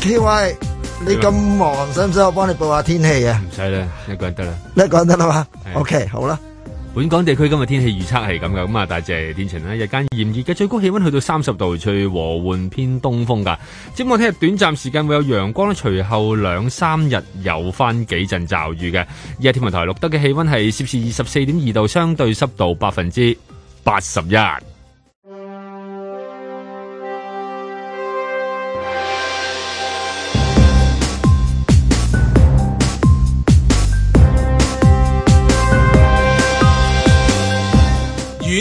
K Y，你咁忙，使唔使我幫你報下天氣啊？唔使啦，一個人得啦，一個人得啦嘛。OK，好啦。本港地區今日天氣預測係咁嘅。咁啊，大致天晴啦，日間炎熱嘅最高氣温去到三十度，隨和緩偏東風噶。展望聽日短暫時間會有陽光啦，隨後兩三日有翻幾陣驟雨嘅。而家天文台錄得嘅氣温係攝氏二十四點二度，相對濕度百分之八十一。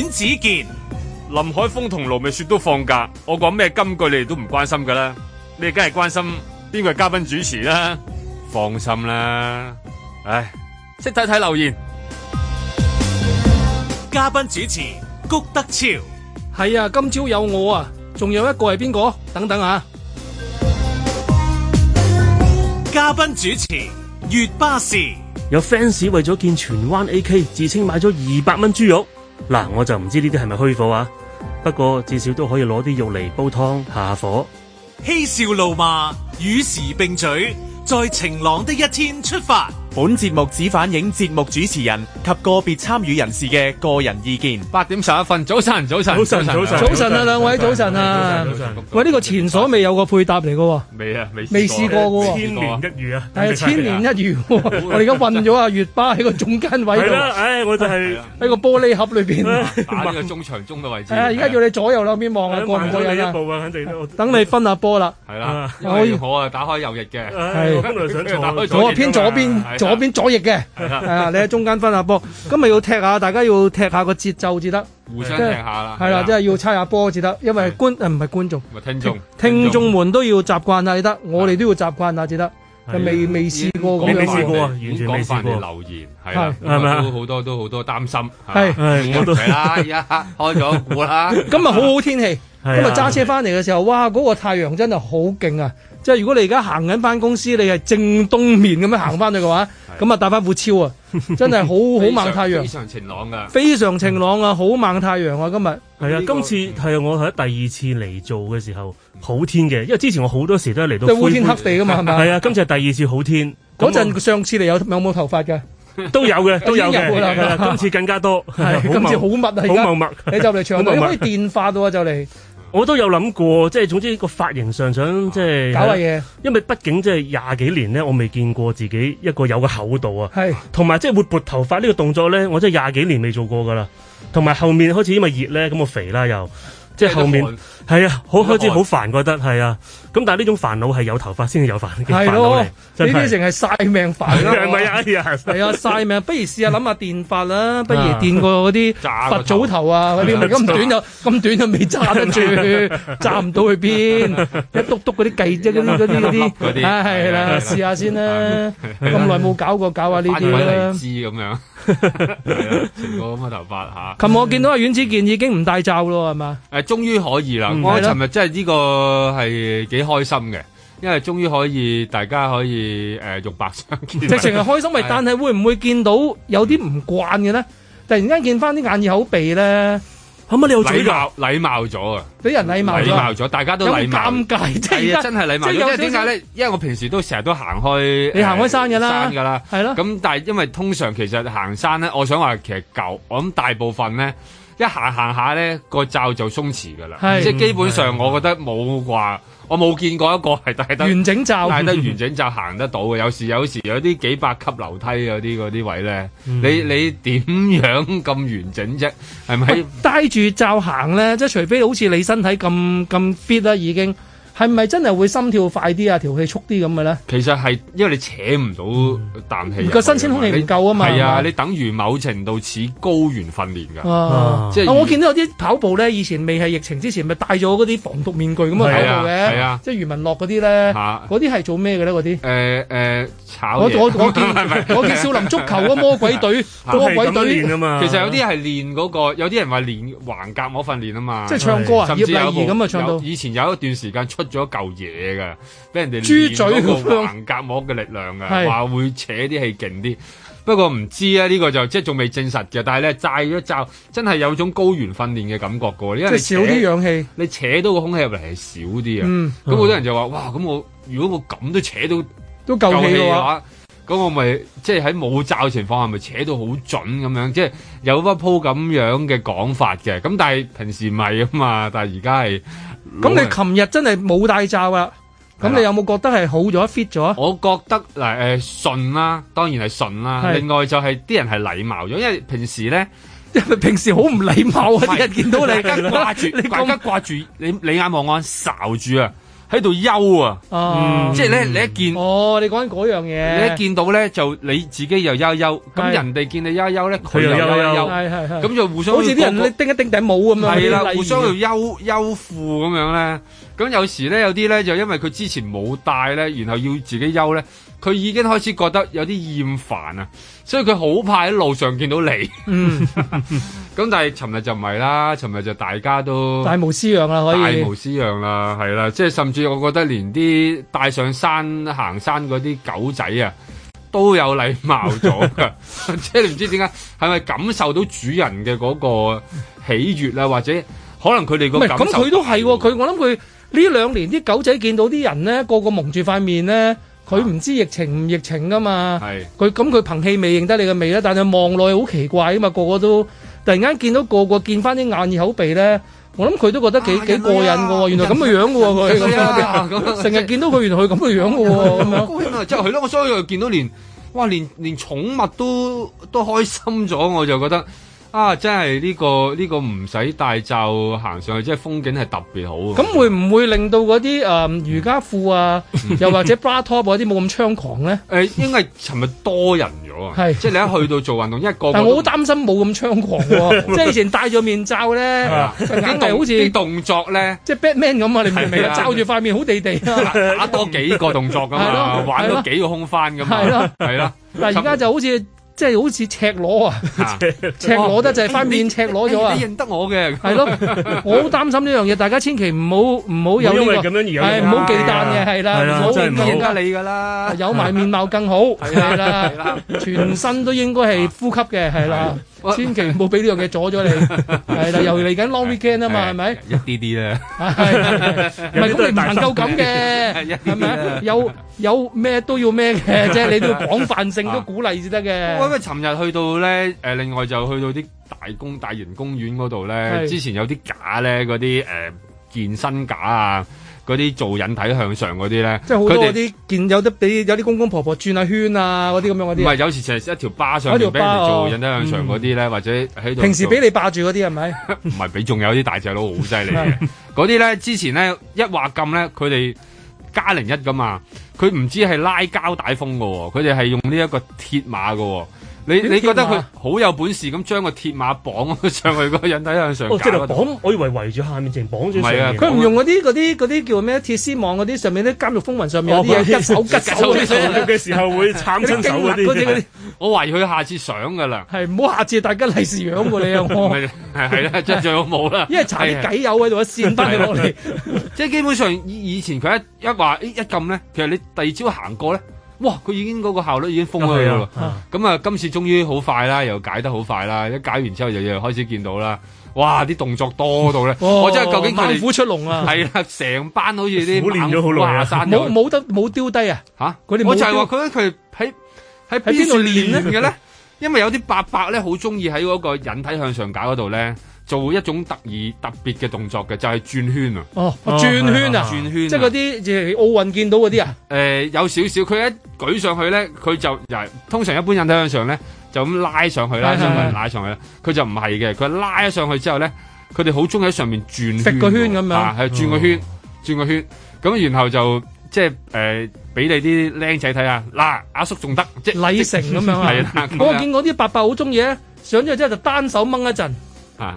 尹子健、林海峰同盧美雪都放假，我講咩金句你哋都唔關心噶啦，你哋梗係關心邊個係嘉賓主持啦？放心啦，唉，識睇睇留言。嘉賓主持谷德昭：「係啊，今朝有我啊，仲有一個係邊個？等等啊！嘉賓主持月巴士有 fans 為咗見荃灣 AK，自稱買咗二百蚊豬肉。嗱，我就唔知呢啲係咪虛火啊，不過至少都可以攞啲肉嚟煲湯下火。嬉笑怒罵與時並舉，在晴朗的一天出發。本節目只反映節目主持人及個別參與人士嘅個人意見。八點十一分，早晨，早晨，早晨，早晨，早晨啊，兩位早晨啊，喂，呢個前所未有個配搭嚟嘅，未啊，未未試過千年一遇啊，但係千年一遇，我哋而家運咗啊，月巴喺個中間位，係我就係喺個玻璃盒裏邊，打呢個中場中嘅位置，係，而家要你左右兩邊望下，過唔過肯定都等你分下波啦，係啦，我我啊打開右翼嘅，係，我本來想坐，左偏左邊。左邊左翼嘅，係啊，你喺中間分下波，咁咪要踢下，大家要踢下個節奏至得，互相踢下啦。係啦，即係要猜下波至得，因為觀誒唔係觀眾，聽眾聽眾們都要習慣下至得，我哋都要習慣下至得，未未試過嘅，完全未試過。完全未試過留言係啦，都好多都好多擔心。係我都係啦，而家開咗股啦。咁啊，好好天氣，今日揸車翻嚟嘅時候，哇，嗰個太陽真係好勁啊！即係如果你而家行緊翻公司，你係正東面咁樣行翻去嘅話，咁啊帶翻副超啊，真係好好猛太陽，非常晴朗嘅，非常晴朗啊，好猛太陽啊今日。係啊，今次係我喺第二次嚟做嘅時候好天嘅，因為之前我好多時都係嚟到灰天黑地㗎嘛，係咪？係啊，今次係第二次好天。嗰陣，上次你有有冇頭髮嘅？都有嘅，都有嘅。今次更加多，今次好密啊，好密，你就嚟長毛，你可以電化到啊，就嚟。我都有諗過，即係總之個髮型上想即係搞下嘢。啊、因為畢竟即係廿幾年咧，我未見過自己一個有個厚度啊，係同埋即係會撥頭髮呢個動作咧，我真係廿幾年未做過噶啦，同埋後面開始因為熱咧，咁我肥啦又。即係後面係啊，好開始好煩，覺得係啊。咁但係呢種煩惱係有頭髮先至有煩嘅煩惱，係咯，呢啲成係晒命煩啦，係咪啊？係啊，曬命！不如試下諗下電髮啦，不如電過嗰啲佛祖頭啊嗰啲，咁短又咁短又未揸得住，揸唔到去邊？一督篤嗰啲計啫，嗰啲嗰啲嗰啲，係啦，試下先啦。咁耐冇搞過，搞下呢啲啦。發尾咁樣，咁嘅頭髮嚇。琴日我見到阿阮子健已經唔戴罩咯，係嘛？終於可以啦！我尋日真係呢個係幾開心嘅，因為終於可以大家可以誒肉白相見。直情係開心。咪但係會唔會見到有啲唔慣嘅咧？突然間見翻啲眼耳口鼻咧，可唔可以有禮貌？禮貌咗啊！俾人禮貌咗，禮貌咗，大家都禮貌。尷尬，真係真係禮貌咗因即係點解咧？因為我平時都成日都行開，你行開山㗎啦，山㗎啦，係咯。咁但係因為通常其實行山咧，我想話其實舊，我諗大部分咧。一行行下咧，個罩就鬆弛嘅啦，是即係基本上，我覺得冇啩，的我冇見過一個係戴得完整罩，戴得完整罩行得到嘅。有時有時有啲幾百級樓梯，啲嗰啲位咧，你你點樣咁完整啫？係咪戴住罩行咧？即係除非好似你身體咁咁 fit 啦，已經。係咪真係會心跳快啲啊？條氣速啲咁嘅咧？其實係因為你扯唔到啖氣，個新鮮空氣唔夠啊嘛。係啊，你等於某程度似高原訓練㗎。即係我見到有啲跑步咧，以前未係疫情之前，咪戴咗嗰啲防毒面具咁啊跑步嘅。即係余文樂嗰啲咧，嗰啲係做咩嘅咧？嗰啲誒誒炒嘢。我我我見少林足球嗰魔鬼隊，魔鬼隊啊嘛。其實有啲係練嗰個，有啲人話練橫膈膜訓練啊嘛。即係唱歌啊，葉詠儀咁啊，唱到以前有一段時間出咗一嚿嘢嘅，俾人哋豬嘴、橫隔膜嘅力量嘅，話 是會扯啲氣勁啲。不過唔知啊，呢、呢個就即係仲未證實嘅。但係咧，炸咗一罩，真係有種高原訓練嘅感覺嘅。因為你少啲氧氣，你扯到個空氣入嚟係少啲啊。咁好、嗯、多人就話：嗯、哇，咁我如果我咁都扯到都夠氣嘅話。咁我咪即係喺冇罩情況下咪扯到好準咁樣，即係有筆鋪咁樣嘅講法嘅。咁但係平時咪啊嘛，但係而家係。咁你琴日真係冇戴罩啊？咁的你有冇覺得係好咗 fit 咗？我覺得嗱誒、呃、順啦、啊，當然係順啦、啊。的另外就係、是、啲人係禮貌咗，因為平時咧，因為平時好唔禮貌啊！今日的見到你，大家掛住，大家掛住你，你眼望眼睄住啊！喺度悠啊，啊嗯、即係咧，你一見哦，你講緊嗰樣嘢，你一見到咧就你自己又悠悠，咁是人哋見你悠悠咧，佢又悠悠，咁就互相好似啲人叮一叮一頂帽咁樣，係啦、啊，互相要悠悠富咁樣咧，咁有時咧有啲咧就因為佢之前冇帶咧，然後要自己悠咧。佢已經開始覺得有啲厭煩啊，所以佢好怕喺路上見到你。咁 但係尋日就唔係啦，尋日就大家都大模斯樣啦，可以大模斯樣啦，係啦，即係甚至我覺得連啲帶上山行山嗰啲狗仔啊，都有禮貌咗㗎。 即係你唔知點解，係咪感受到主人嘅嗰個喜悅啦、啊，或者可能佢哋個感受咁佢都係，佢、啊、我諗佢呢兩年啲狗仔見到啲人咧，個個蒙住塊面咧。佢唔、啊、知疫情唔疫情噶嘛？佢咁佢憑氣味認得你嘅味咧，但係望落去好奇怪噶嘛，個個都突然間見到個個見翻啲眼耳口鼻咧，我諗佢都覺得幾、啊啊、幾過癮嘅喎，原來咁嘅樣嘅喎佢，成日、啊啊啊、見到佢原來佢咁嘅樣嘅喎咁樣。咁啊，即係佢咯，我所以見到連，哇，連連寵物都都開心咗，我就覺得。啊！真係呢個呢個唔使戴罩行上去，即係風景係特別好。咁會唔會令到嗰啲誒瑜伽褲啊，又或者 bra top 嗰啲冇咁猖狂咧？誒，應該尋日多人咗啊，即係你一去到做運動一個。但係我好擔心冇咁猖狂喎，即係以前戴咗面罩咧，啲動作咧即係 Batman 咁啊，你明唔明啊？罩住塊面好地地，打多幾個動作㗎嘛，玩咗幾個空翻咁啊，係啦，但係而家就好似。即係好似赤裸啊，赤裸得就係翻面赤裸咗啊！你認得我嘅係咯，我好擔心呢樣嘢，大家千祈唔好唔好有啲，係唔好忌憚嘅，係啦，唔好會影響你㗎啦。有埋面貌更好係啦，全身都應該係呼吸嘅係啦。千祈唔好俾呢樣嘢阻咗你，係啦，由於嚟緊 long weekend 啊嘛，係咪？一啲啲咧，係，咁你唔能夠咁嘅，係咪？有有咩都要咩嘅，即係你都要廣泛性都鼓勵先得嘅。我因為尋日去到咧，誒另外就去到啲大公大型公園嗰度咧，之前有啲架咧嗰啲誒健身架啊。嗰啲做引體向上嗰啲咧，即係好多啲見們有啲俾有啲公公婆婆轉下圈啊嗰啲咁樣嗰啲。唔係，有時就係一條巴上面俾人哋做引體向上嗰啲咧，啊嗯、或者喺度平時俾你霸住嗰啲係咪？唔係俾，仲有啲大隻佬好犀利嘅。嗰啲咧之前咧一話禁咧，佢哋加零一噶嘛。佢唔知係拉膠帶風嘅喎，佢哋係用呢一個鐵馬嘅喎。你你覺得佢好有本事咁將個鐵馬綁上去個引體向上？哦，即係綁，我以為圍住下面，淨係綁住上面。唔係啊，佢唔用嗰啲啲啲叫咩鐵絲網嗰啲，上面啲《監獄風雲》上面啲嘢，手拮手嘅。手拮手嘅時候會慘親手嗰啲。我懷疑佢下次上噶啦。係唔好下次，大家利是養過你啊！我係係啦，最最好冇啦。因為柴偈友喺度，一扇翻落嚟。即係基本上，以前佢一一話一撳咧，其實你第二朝行過咧。哇！佢已經嗰個效率已經封咗啦，咁啊，啊、嗯，今次終於好快啦，又解得好快啦，一解完之後就又開始見到啦。哇！啲動作多到咧，哇我真係究竟猛虎出籠啊！係啦，成班好似啲練咗好耐，冇冇得冇丟低啊？嚇！啊啊、我就係話覺得佢喺喺邊度練嘅咧，因為有啲伯伯咧好中意喺嗰個引體向上搞嗰度咧。做一種特異特別嘅動作嘅就係轉圈啊！哦，轉圈啊！轉圈，即係嗰啲即係奧運見到嗰啲啊！誒，有少少佢一舉上去咧，佢就通常一般引體向上咧就咁拉上去，啦。拉上去，拉上去。佢就唔係嘅，佢拉上去之後咧，佢哋好中意喺上面轉，甩個圈咁樣，係轉個圈，轉個圈。咁然後就即係誒俾你啲僆仔睇下嗱，阿叔仲得，即係禮成咁樣啊！我見過啲伯伯好中意，上咗之後就單手掹一陣。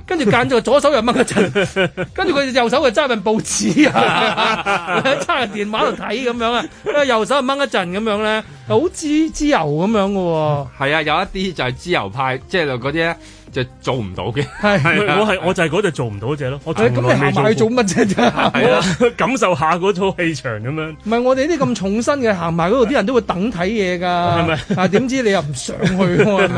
跟住揀咗左手又掹一陣，跟住佢右手又揸份報紙啊，揸、啊、住電話度睇咁樣啊，跟住右手又掹一陣咁樣咧，好滋滋油咁樣嘅喎。係 啊，有一啲就係自由派，即係嗰啲咧。就 做唔到嘅， 我係我就係嗰隻做唔到嗰隻咯。咁 你行埋去做乜啫？ 感受下嗰套氣場咁樣。唔 係、嗯、我哋啲咁重新嘅行埋嗰度，啲人都會等睇嘢㗎。係咪？啊點知你又唔上去喎？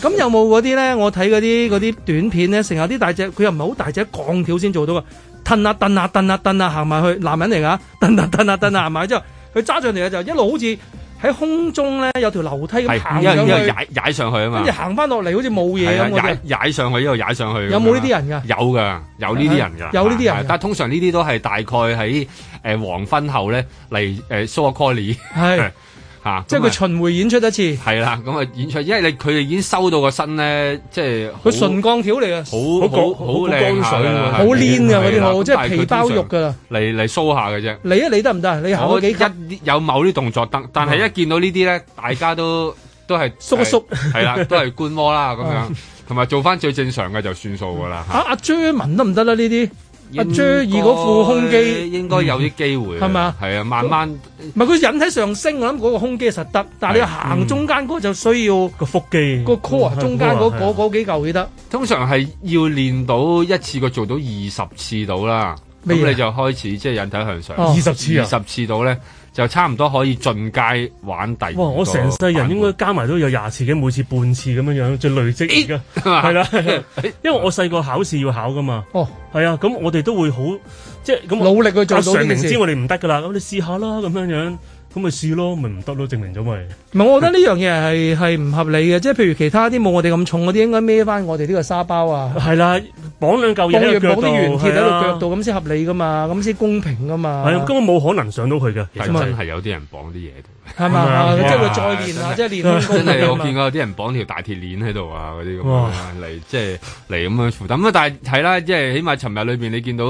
咁 有冇嗰啲咧？我睇嗰啲啲短片咧，成日啲大隻佢又唔係好大隻，鋼條先做到㗎。蹬啊蹬啊蹬啊蹬啊，行埋、啊啊啊、去男人嚟㗎，蹬蹬蹬啊蹬啊，行埋之後佢揸上嚟就一路好似。喺空中咧有條樓梯咁行是上去，踩踩上去啊嘛，跟住行翻落嚟好似冇嘢。踩、啊、踩上去，一路踩上去。有冇呢啲人噶？有噶、啊，有呢啲人噶。有呢啲人，但係通常呢啲都係大概喺誒、呃、黃昏後咧嚟誒 so call。係。呃是 吓，即係佢巡迴演出一次。係啦，咁啊演出，因為你佢哋已經收到個身咧，即係佢純鋼條嚟啊，好好好靚下，好黏啊，嗰啲即係皮包肉噶啦。嚟嚟梳下嘅啫。嚟啊，你得唔得？你學幾級？一有某啲動作得，但係一見到呢啲咧，大家都都係縮一縮，係啦，都係觀摩啦咁樣，同埋做翻最正常嘅就算數噶啦。嚇，阿 j 文 r 都唔得啦呢啲。阿 J 二嗰副胸肌，應該有啲機會。係嘛、嗯？係啊，慢慢。唔係佢引體上升，我諗嗰個胸肌實得，但係你要行中間嗰就需要、嗯、個腹肌。個 core 中間嗰嗰嗰幾嚿先得。通常係要練到一次過做到二十次到啦，咁麼你就開始即係、就是、引體向上二十、哦、次啊，二十次到咧。就差唔多可以進界玩第二個。哇！我成世人應該加埋都有廿次嘅，每次半次咁樣樣，再累積而家係啦。因為我細個考試要考噶嘛。哦，係啊，咁我哋都會好，即係咁努力去做到呢件事。明知我哋唔得噶啦，咁你試下啦，咁樣樣。咁咪試咯，咪唔得咯，證明咗咪？唔係，我覺得呢樣嘢係係唔合理嘅，即係譬如其他啲冇我哋咁重嗰啲，應該孭翻我哋呢個沙包啊！係啦，綁兩嚿嘢喺腳度，綁啲原鐵喺度腳度咁先合理㗎嘛，咁先公平㗎嘛。係根本冇可能上到去嘅，真係有啲人綁啲嘢喺度，係嘛，即係再練啊，即係練啲真係、啊啊、我見過有啲人綁條大鐵鏈喺度啊，嗰啲咁嚟，即係嚟咁樣負擔。咁啊，但係係啦，即係起碼尋日裏邊你見到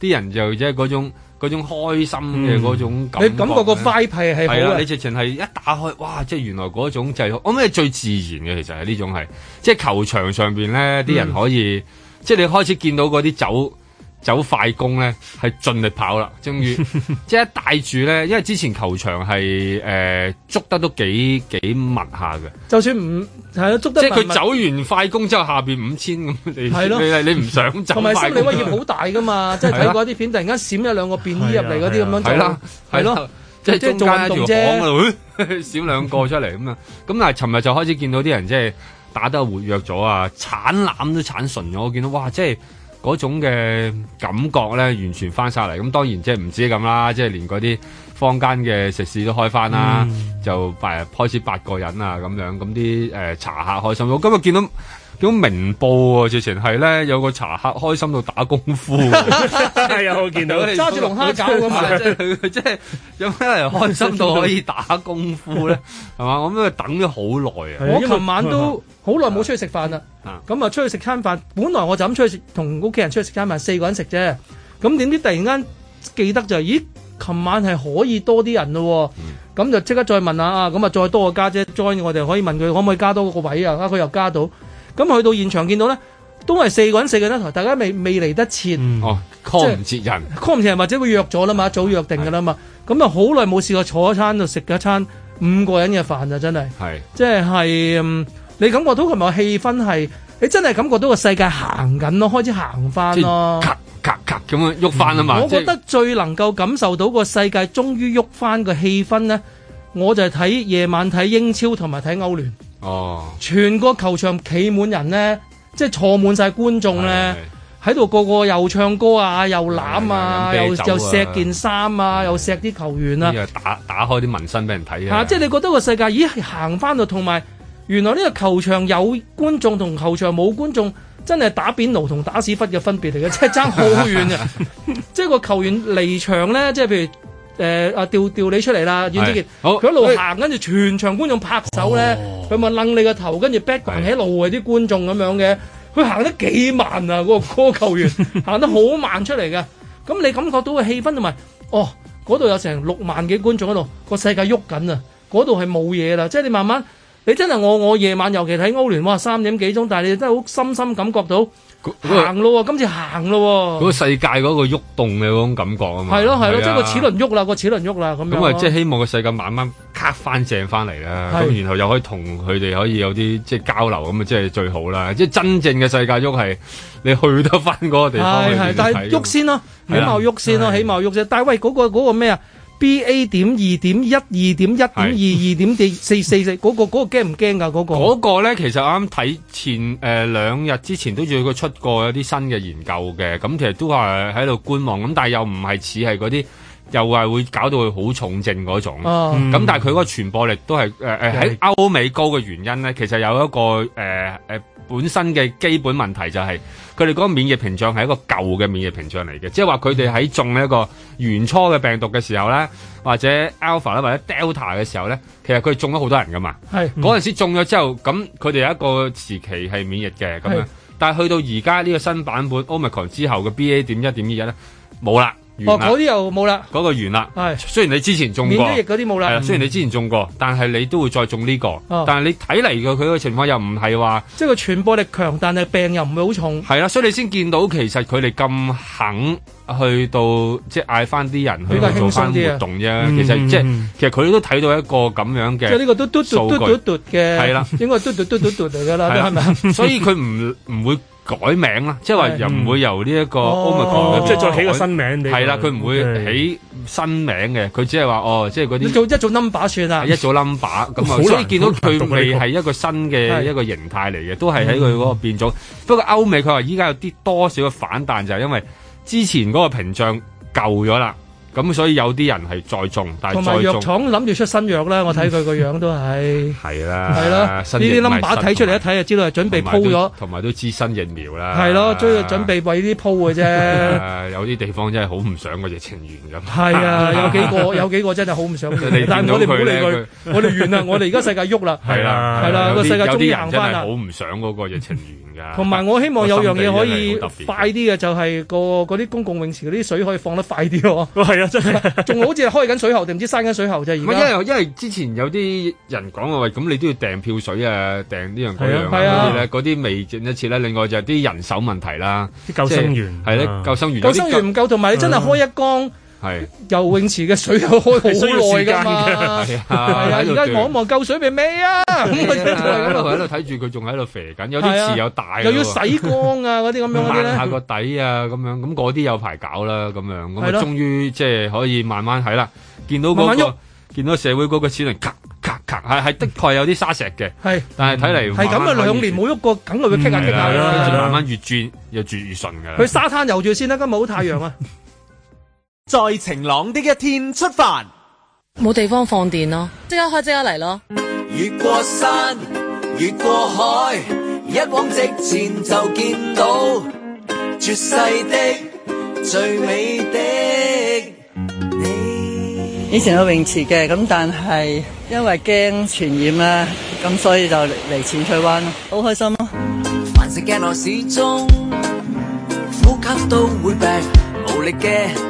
啲人就即係嗰種。嗰種開心嘅嗰、嗯、種感覺，你感覺個 vibe 係係啊！好啊，你直情係一打開，哇！即係原來嗰種就係、是、我覺得最自然嘅，其實係呢種係，即係球場上邊咧啲人可以，嗯、即係你開始見到嗰啲走。走快攻咧，係盡力跑啦。終於，即係帶住咧，因為之前球場係誒捉得都幾幾密下嘅。就算唔係咯，捉得即係佢走完快攻之後，下邊五千咁。係咯，你你唔想走？同埋心理威脅好大噶嘛，即係睇過啲片，突然間閃咗兩個便衣入嚟嗰啲咁樣。係啦，係咯，即係中間一條巷嗰度，閃兩個出嚟咁啊！咁但係，尋日就開始見到啲人即係打得活躍咗啊，鏟攬都鏟純咗。我見到哇，即係～嗰種嘅感覺咧，完全翻晒嚟。咁當然即係唔止咁啦，即係連嗰啲坊間嘅食肆都開翻啦，嗯、就誒開始八個人啊咁樣，咁啲誒茶客開心。我今日見到。咁明報喎、啊，直情係咧有個茶客開心到打功夫，又、 哎、見到揸住龍蝦爪咁啊！即係 有咩人開心到可以打功夫咧？係嘛？ 我咁啊等咗好耐啊！我琴晚都好耐冇出去食飯啦。咁啊 出去食餐飯，本來我就咁出去食，同屋企人出去食餐飯，四個人食啫。咁點知突然間記得就係、咦？琴晚係可以多啲人咯，咁就即刻再問下啊！咁啊再多個家姐，姐 join，我哋可以問佢可唔可以加多個位啊？啊佢又加到。咁去到現場見到咧，都係四個人四個人一台，大家未未嚟得切，即 call 唔切人，call 唔切人或者會約咗啦嘛，一、嗯、早約定嘅啦是嘛，咁啊好耐冇試過坐一餐度食一餐五個人嘅飯啊，真係，即係係你感覺到佢咪埋氣氛係，你真係感覺到個世界行緊咯，開始行翻咯，咁樣喐翻啊嘛，嗯、是我覺得最能夠感受到個世界終於喐翻個氣氛呢，我就係睇夜晚睇英超同埋睇歐聯。哦，全個球場企滿人咧，即係坐滿晒觀眾咧，喺度是個個又唱歌啊，又攬啊，啊又又錫件衫啊，的又錫啲球員啊又，呢打打開啲紋身俾人睇啊，啊，即係你覺得個世界咦行翻到同埋原來呢個球場有觀眾同球場冇觀眾真係打邊爐同打屎忽嘅分別嚟嘅，即係爭好遠啊！即係個球員離場咧，即係譬如。誒啊調調你出嚟啦！袁子傑，佢一路行跟住全場觀眾拍手咧，佢咪擸你個頭，跟住 background 喺度，啲觀眾咁樣嘅，佢行得幾慢啊！嗰個球員行得好慢出嚟嘅，咁你感覺到嘅氣氛同埋，哦，嗰度有成六萬幾觀眾喺度，個世界喐緊啊！嗰度係冇嘢啦，即係你慢慢，你真係我我夜晚尤其睇歐聯，哇三點幾鐘，但係你真係好深深感覺到。行咯喎，今次行咯喎，嗰個世界嗰個喐動嘅嗰種感覺啊嘛，係咯係咯，即係的個齒輪喐啦，個齒輪喐啦咁。咁啊，即係希望個世界慢慢卡翻正翻嚟啦，咁的然後又可以同佢哋可以有啲即係交流，咁啊即係最好啦。即係真正嘅世界喐係，你去得翻嗰個地方去睇。係係，但係喐先咯，啊，起錨喐先咯，啊啊，起錨喐啫。但係喂，嗰、嗰個、嗰個咩啊？B A 點二點一，二點一點二二點四四四，嗰個嗰個驚唔驚噶嗰個？嗰、嗰個咧， 其實啱啱睇前誒兩日之前都仲要佢出過一啲新嘅研究嘅，咁其實都係喺度觀望，咁但係又唔係似係嗰啲。又係會搞到佢好重症嗰種，咁、oh, um, 但係佢嗰個傳播力都係誒誒喺歐美高嘅原因咧，其實有一個誒誒、呃、本身嘅基本問題就係佢哋嗰個免疫屏障係一個舊嘅免疫屏障嚟嘅，即係話佢哋喺中一個原初嘅病毒嘅時候咧，或者 Alpha 咧或者 Delta 嘅時候咧，其實佢哋中咗好多人㗎嘛，係嗰陣時中咗之後，咁佢哋有一個時期係免疫嘅咁樣，是但係去到而家呢個新版本 Omicron 之後嘅 B A 點一點二一咧冇啦。哦，嗰啲又冇啦，嗰個完啦。係雖然你之前中過，免疫嗰啲冇啦。雖然你之前中過，但係你都會再中呢個。但係你睇嚟嘅佢個情況又唔係話，即係個傳播力強，但係病又唔會好重。係啦，所以你先見到其實佢哋咁肯去到，即係嗌翻啲人去做翻啲活動啫。其實即係其實佢都睇到一個咁樣嘅，即呢個嘟嘟嘟嘟嘟嘟嘅，係啦，應該嘟嘟嘟嘟嘟嚟噶啦，係咪？所以佢唔唔會。改名啦，即係話又唔會由呢、這、一個，哦、一即係再起個新名。係啦，佢唔、okay. 會起新名嘅，佢只係話哦，即係嗰啲。做一組 number 算啦。一組 number 咁啊，所以見到佢未係一個新嘅一個形態嚟嘅，都係喺佢嗰個變種，嗯、不過歐美佢話依家有啲多少嘅反彈，就係、是、因為之前嗰個屏障舊咗啦。咁所以有啲人係再種，同埋藥廠諗住出新藥啦，我睇佢個樣都係係啦，係啦，呢啲冧把睇出嚟一睇就知道係準備鋪咗，同埋都知新疫苗啦，係咯，終於準備為啲鋪嘅啫。有啲地方真係好唔想個疫情完咁，係啊，有幾個有幾個真係好唔想佢，但係我哋唔好理佢，我哋完啦，我哋而家世界喐啦，係啦，係啦，個世界終於行翻啦。啲人真係好唔想嗰個疫情完㗎。同埋我希望有樣嘢可以快啲嘅，就係個嗰啲公共泳池嗰啲水可以放得快啲咯。仲好似係開緊水喉定唔知閂緊水喉啫？係因為因為之前有啲人講啊，喂，咁你都要訂票水啊，訂呢樣嗰樣。係啊係咧，嗰啲未整一次咧，另外就係啲人手問題啦，啲救生員係咧是、啊啊、救生員救，救生員唔夠，同埋你真係開一缸。嗯係游泳池嘅水又開好耐噶嘛？係而家我望夠水平未啊？咁啊，喺度喺度睇住佢仲喺度肥緊，有啲池有大，又要洗光啊，嗰啲咁樣咧，下個底啊，咁樣咁嗰啲有排搞啦，咁樣咁啊，終於即係可以慢慢係啦，見到嗰個見到社會嗰個齒輪咔咔咔，係的確有啲沙石嘅，係，但係睇嚟係咁啊，兩年冇喐過，梗係會傾下傾下啦，跟住慢慢越轉又轉越順噶。去沙灘游住先啦，咁冇太陽啊。在晴朗的一天出發，冇地方放電咯，即刻開即刻嚟咯。越過山，越過海，一往直前就見到絕世的最美的你。以前有泳池嘅，咁但係因為驚傳染啦，咁所以就嚟淺水灣咯，好開心咯。凡事驚我始終呼吸都會病，無力嘅。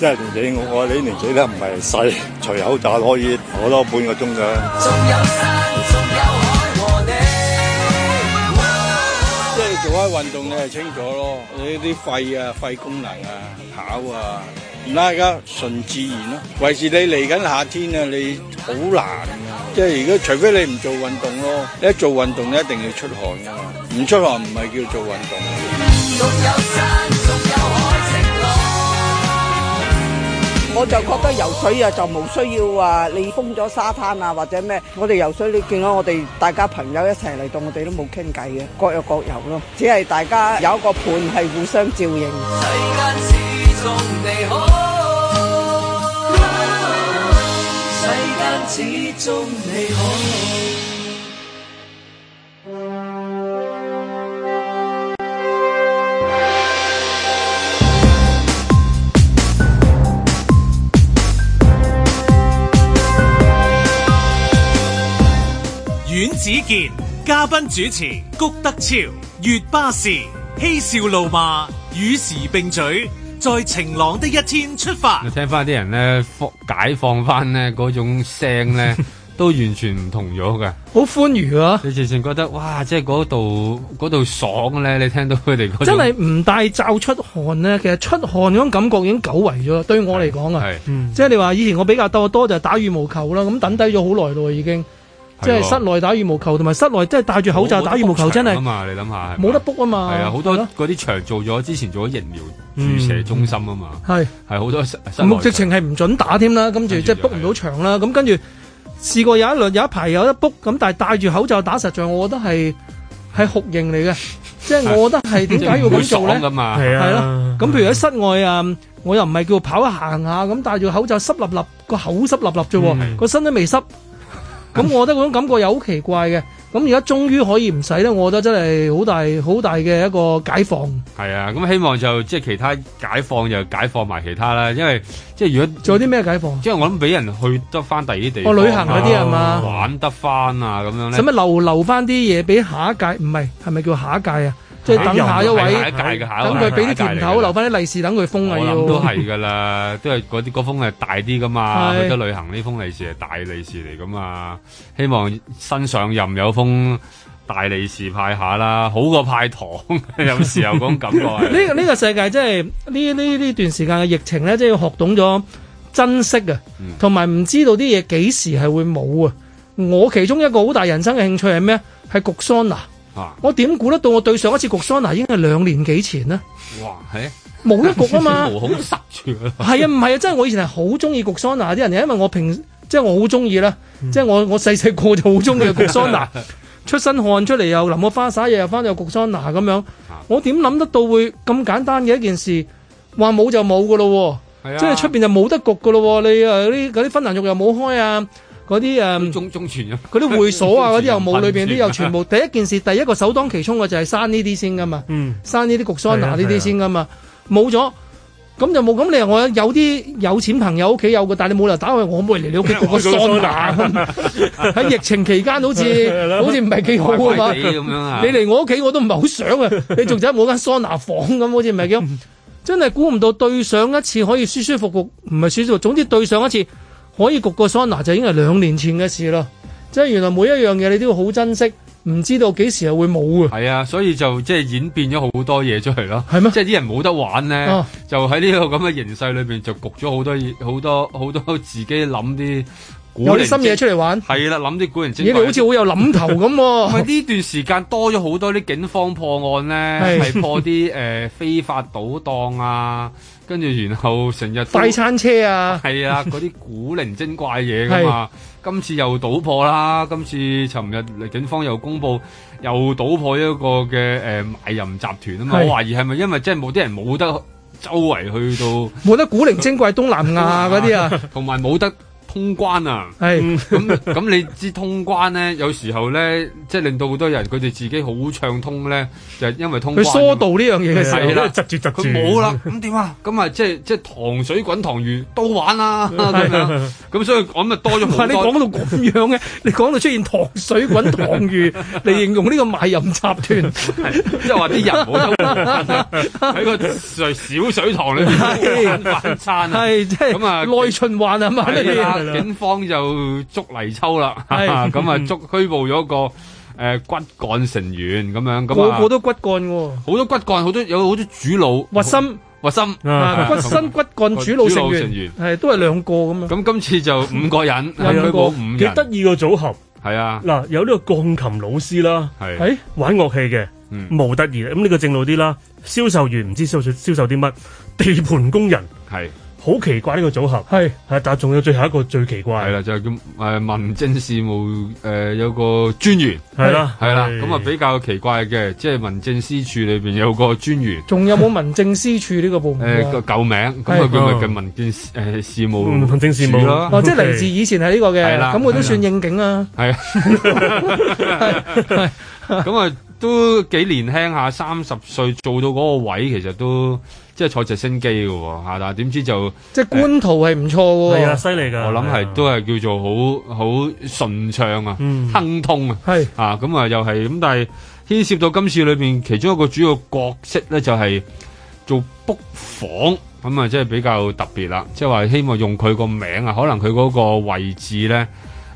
即係你我，我哋啲年紀都唔係細，隨口走可以跑多半個鐘㗎。即係做下運動，你係清楚咯，你啲肺啊、肺功能啊、跑啊，而家順自然咯，維持你嚟緊夏天啊，你好難啊。即係如果除非你唔做運動咯，你一做運動你一定要出汗㗎嘛，唔出汗唔係叫做運動。我就覺得游水啊，就冇需要話你封咗沙灘啊，或者咩？我哋游水，你見到我哋大家朋友一齊嚟到，我哋都冇傾偈嘅，各有各遊咯。只係大家有一個伴係互相照應。世間始終你好阮子健嘉賓主持，谷德昭，月巴士嬉笑怒罵，與時並舉，在晴朗的一天出發。你聽翻啲人咧放解放翻呢嗰種聲咧， 都完全唔同咗嘅，好歡愉啊！你直情似覺得哇？即係嗰度度爽咧？你聽到佢哋真係唔帶罩出汗咧，其實出汗嗰種感覺已經久違咗。對我嚟講啊，即係你話以前我比較多多就打羽毛球啦，咁等低咗好耐咯，已經。即係室內打羽毛球，同埋室內即係戴住口罩打羽毛球，真係，你諗下，冇得 book 啊嘛！係啊，好多嗰啲場做咗之前做咗疫苗注射中心啊嘛。係係好多室室內。係唔准打添啦，跟住即係 book 唔到場啦。咁跟住試過有一輪有一排有得 book 咁，但係戴住口罩打，實際我覺得係係酷刑嚟嘅。即係我覺得係點解要咁做咧？係啊，係咯。咁，譬如喺室外啊，我又唔係叫跑下行下，咁戴住口罩濕立立個口濕立立啫，個身都未濕。咁、嗯、我覺得嗰種感覺又好奇怪嘅，咁而家終於可以唔使咧，我覺得真係好大好大嘅一個解放。係啊，咁、嗯、希望就即係其他解放就解放埋其他啦，因為即係如果做啲咩解放？即係我諗俾人去得翻第二啲地方，啊，我、呃、旅行嗰啲係嘛？玩得翻啊，咁樣咧。使乜留留翻啲嘢俾下一屆？唔係，係咪叫下一屆啊？等下，位下一位，下一一等佢俾啲甜頭，留翻啲利是等佢封啊！都係噶啦，都係嗰啲封係大啲噶嘛。 去得旅行呢封利是係大利是嚟噶嘛？希望身上任有封大利是派下啦，好過派糖。有 時候講感覺。呢呢個世界真係呢呢呢段時間嘅疫情咧，真係學懂咗珍惜啊，同埋唔知道啲嘢幾時係會冇啊！我其中一個好大人生嘅興趣係咩？係焗桑拿。我點估得到我對上一次焗桑拿已經係兩年幾前呢？哇，係、欸、冇一焗啊嘛，毛孔、嗯、 啊！係啊，唔係啊，真係我以前係好中意焗桑拿啲人，因為我平即係我好中意啦，即係我、嗯、即我細細個就好中意焗桑拿， 出身汗出嚟，又淋個花灑嘢，又翻到又焗桑拿咁樣。啊、我點諗得到會咁簡單嘅一件事？話冇就冇噶咯，啊、即係出邊就冇得焗噶咯。你誒啲嗰啲芬蘭浴又冇開啊！嗰啲誒，中中傳咁，啲會所啊，嗰啲又冇裏邊啲又全部第一件事，第一個首當其衝嘅就係刪呢啲先㗎嘛，刪呢啲焗桑拿呢啲先㗎嘛，冇咗，咁就冇咁。你話我有啲有錢朋友屋企有嘅，但係你冇理由打我，我唔會嚟你屋企焗個桑拿。喺疫情期間，好似好似唔係幾好啊嘛。你嚟我屋企，我都唔係好想啊。你仲就冇間桑拿房咁，好似唔係幾好。真係估唔到對上一次可以舒舒服服，唔係舒舒服，總之對上一次。可以焗個桑拿就已經係兩年前嘅事咯，即係原來每一樣嘢你都要好珍惜，唔知道幾時又會冇啊！係啊，所以就即係演變咗好多嘢出嚟咯。係咩嗎？即係啲人冇得玩咧，啊、就喺呢個咁嘅形勢裏邊就焗咗好多嘢好多好多自己諗啲。有啲新嘢出嚟玩，係啦，諗啲古靈。咦、啊，你好似好有諗頭咁。咪呢段時間多咗好多啲警方破案咧，係 破啲誒、呃、非法賭檔啊，跟住然後成日快餐車啊，係啊，嗰啲古靈精怪嘢噶嘛 是今。今次又搗破啦，今次尋日警方又公布又搗破一個嘅誒賣淫集團啊嘛。 是我懷疑係咪因為真係冇啲人冇得周圍去到冇 得古靈精怪東南亞嗰啲啊，同埋冇得。通關啊，咁咁你知通關咧，有時候咧，即係令到好多人佢哋自己好暢通咧，就係因為通關。佢疏導呢樣嘢係啦，窒住窒住冇啦，咁點啊？咁啊，即係即係糖水滾糖魚都玩啦，咁樣，咁所以咁啊多咗。你講到咁樣嘅，你講到出現糖水滾糖魚嚟形容呢個賣淫集團，即係話啲人喺個小水塘裏邊玩返餐，係即係咁啊內循環啊嘛呢警方就捉泥鰍啦，咁啊捉，拘捕咗個誒骨幹成員咁樣，個個都骨幹，好多骨幹，好多有好多主腦，核心，核心，骨身骨幹主腦成員，係都係兩個咁啊。咁今次就五個人，係兩個五人，幾得意個組合，係啊。嗱，有呢個鋼琴老師啦，係玩樂器嘅，冇得意，咁呢個正路啲啦。銷售員唔知銷售銷售啲乜，地盤工人係。好奇怪呢個組合，係係，但係仲有最後一個最奇怪，係啦，就係咁誒，民政事務誒有個專員，係啦係啦，咁啊比較奇怪嘅，即係民政司署裏邊有個專員，仲有冇民政司署呢個部門？誒個舊名，咁啊叫咪叫民政誒事務？民政事務咯，哦，即係嚟自以前係呢個嘅，咁我都算應景啊，係，咁啊。都幾年輕下、啊，三十歲做到嗰個位，其實都即係坐直升機嘅喎，但係點知就即係官途係唔錯喎，係、呃、啊，犀利㗎！我諗係是、啊、都係叫做好好順暢啊，嗯、亨通啊，係嚇咁啊又係咁，但係牽涉到今次裏邊其中一個主要角色咧，就係、是、做卜房咁啊，即係比較特別啦，即係話希望用佢個名啊，可能佢嗰個位置咧誒、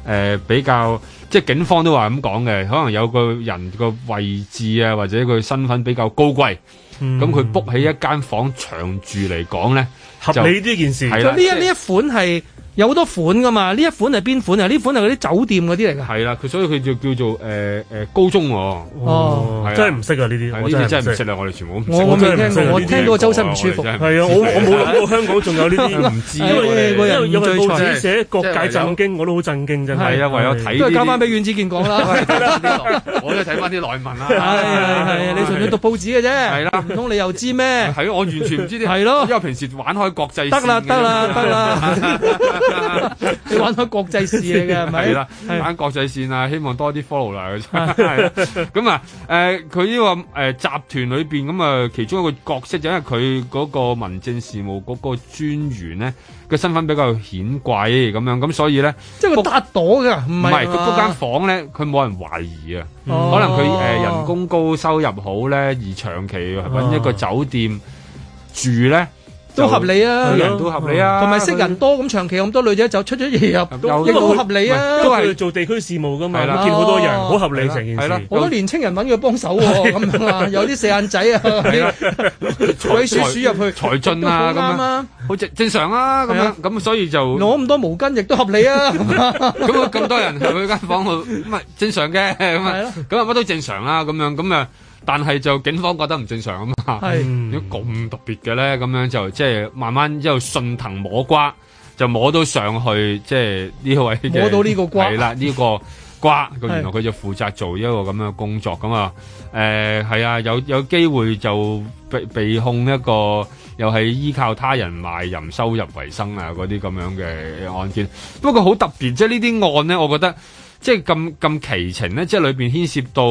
呃、比較。即係警方都話咁講嘅，可能有個人個位置啊，或者佢身份比較高貴，咁佢 book 起一間房長住嚟講咧，合理呢件事。咁呢了一呢、就係、一款係。有好多款噶嘛？呢一款係邊款啊？呢款係嗰啲酒店嗰啲嚟噶？係啦，佢所以佢就叫做誒誒高中哦。哦，真係唔識啊呢啲，呢啲真係唔識啊！我哋全部我未聽過，我聽嗰周身唔舒服，係啊，我我冇諗到。我香港仲有呢啲唔知，因為嗰日有報紙寫國際震驚，我都好震驚真係。係啊，唯有睇。都交翻俾阮子健講啦，我都睇翻啲內文啦。係係啊，你純粹讀報紙嘅啫。係啦，唔通你又知咩？係我完全唔知啲。係咯，因為平時玩開國際。得啦，得啦，得啦。你玩開國際線嚟嘅係咪？係啦，玩國際線啊，希望多啲 follow 啦。係咁啊，誒，佢呢個誒集團裏邊咁啊，其中一個角色就因為佢嗰個民政事務嗰個專員咧，個身份比較顯貴咁樣，咁所以咧，即係佢搭檔噶，唔係佢 book 間房咧，佢冇人懷疑啊。可能佢誒人工高，收入好咧，而長期搵一個酒店住咧。都合理啊，人都合理啊，同埋識人多咁長期咁多女仔就出咗嘢入，亦都合理啊。都係做地區事務噶嘛，見好多人，好合理成件事。好多年青人揾佢幫手喎，咁啊，有啲四眼仔啊，鬼鼠鼠入去，財進啊，咁啊，好正正常啊，咁啊，咁所以就攞咁多毛巾亦都合理啊。咁啊，咁多人喺間房，咁啊，唔係正常嘅，咁啊，咁啊乜都正常啦，咁樣咁啊。但係就警方覺得唔正常啊嘛。是如果咁特別嘅咧，咁樣就即係慢慢之後順藤摸瓜，就摸到上去，即係呢個位摸到呢個瓜，係啦，呢、這個瓜，個 的原來佢就負責做一個咁嘅工作咁啊。誒，係、呃、啊，有有機會就被被控一個又係依靠他人賣淫收入為生啊，嗰啲咁樣嘅案件。不過好特別，即係呢啲案咧，我覺得。即係咁咁奇情咧，即係裏邊牽涉到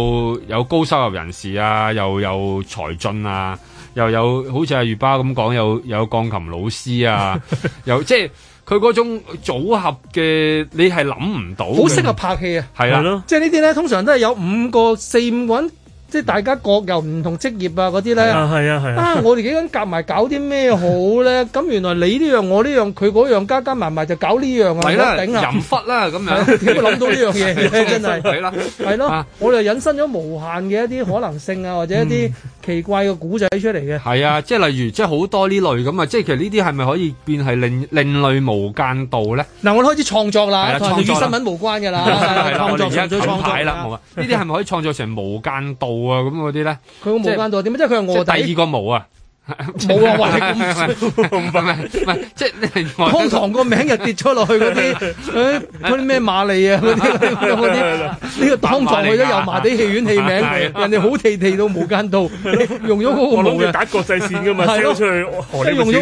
有高收入人士啊，又有才俊啊，又有好似阿月巴咁講，有有鋼琴老師啊， 又即係佢嗰種組合嘅，你係諗唔到。好適合拍戲啊，係啦、啊，即係、啊、呢啲咧，通常都係有五個四五個人。即係大家各有唔同職業啊嗰啲咧，啊係啊係啊，啊我哋幾緊夾埋搞啲咩好咧？咁原來你呢樣我呢樣佢嗰樣加加埋埋就搞呢樣啊，頂啊！任忽啦咁樣點會諗到呢樣嘢咧？真係係啦，係咯，我哋引申咗無限嘅一啲可能性啊，或者一啲奇怪嘅故仔出嚟嘅。係啊，即係例如即係好多呢類咁啊，即係其實呢啲係咪可以變係另另類無間道咧？嗱，我哋開始創作啦，同新聞無關㗎啦，係啦，我哋而家創牌啦，冇啊，呢啲係咪可以創作成無間道？咁嗰啲咧，佢個無間道點啊？即係佢係臥底。第二個毛啊，冇啊！唔係唔係，即係你當堂個名又跌咗落去嗰啲，嗰啲咩馬利啊嗰啲，啲呢個當堂去咗油麻地戲院戲名， 人哋好地地到無間道， 用咗個毛、啊，打國際線噶嘛，即係用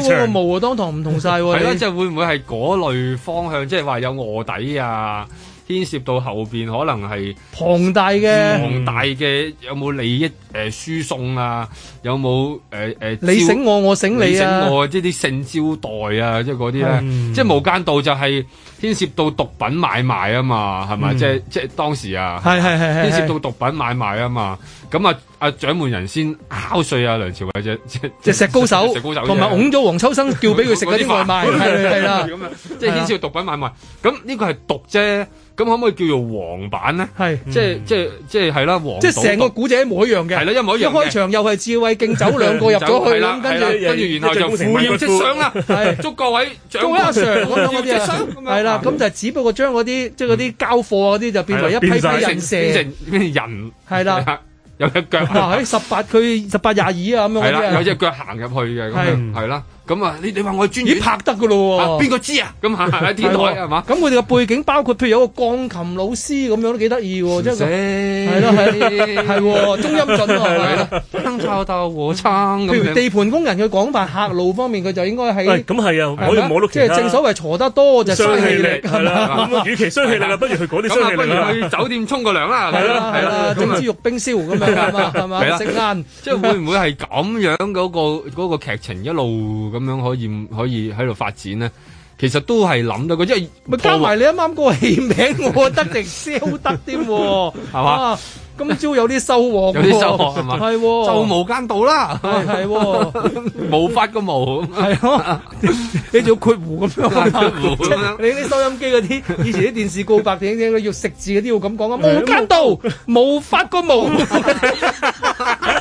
咗個毛、啊，當堂唔同曬。係咯，就會唔會係嗰類方向，即係話有臥底啊？牽涉到後邊可能係龐大嘅，嗯、龐大嘅有冇利益誒，呃、輸送啊？有冇誒誒你醒我，我醒你啊！你我即係啲性招待啊，即係嗰啲咧，嗯、即係無間道就係、是。牽涉到毒品買賣啊嘛，係咪？即係即係當時啊，係係係牽涉到毒品買賣啊嘛。咁啊啊掌門人先敲碎啊梁朝偉啫，即係石高手，同埋拱咗黃秋生叫俾佢食嗰啲外賣，係啦，即係牽涉毒品買賣。咁呢個係毒啫，咁可唔可以叫做黃版咧？係，即係即係即係係啦，黃即係成個古仔一模一樣嘅，係啦，一模一樣，一開場又係智慧競走兩個入咗去，咁跟住跟住然後就苦要接上啦，祝各位祝阿 Sir 苦要接上，係啦。咁、嗯、就只不過將嗰啲即係啲交貨嗰啲就變為一批批人射，變成，變，成變成人？係啦，有隻腳。嗱喺十八，佢十八廿二啊，咁樣，有隻腳行入去嘅，咁樣係啦。咁啊！你你話我係專業，拍得㗎咯喎？邊個知啊？咁行係喺天台係嘛？咁佢哋嘅背景包括譬如有個鋼琴老師咁樣都幾得意喎，即係係咯係係喎，中音準喎，係啦，爭臭鬥和撐咁地盤工人嘅講法，客路方面佢就應該係咁係啊，可以摸到。即係正所謂坐得多就傷氣力，係啦。咁與其傷氣力，不如去嗰啲傷氣力。不如去酒店沖個涼啦，係啦係啦，整支肉冰燒咁樣啊嘛，係嘛，食晏。即係會唔會係咁樣嗰個嗰個劇情一路咁樣可以可以喺度發展咧，其實都係諗到佢，即係咪加埋你啱啱個戲名，我覺得定消 得添，係嘛、 啊？今朝有啲收穫，有啲收穫係嘛？係《無間道》啦， 係係無發個無，係咯？ 你做括弧咁樣， 你啲收音機嗰啲，以前啲電視告白電影，要食字嗰啲要咁講啊，《無間道》冇發個無。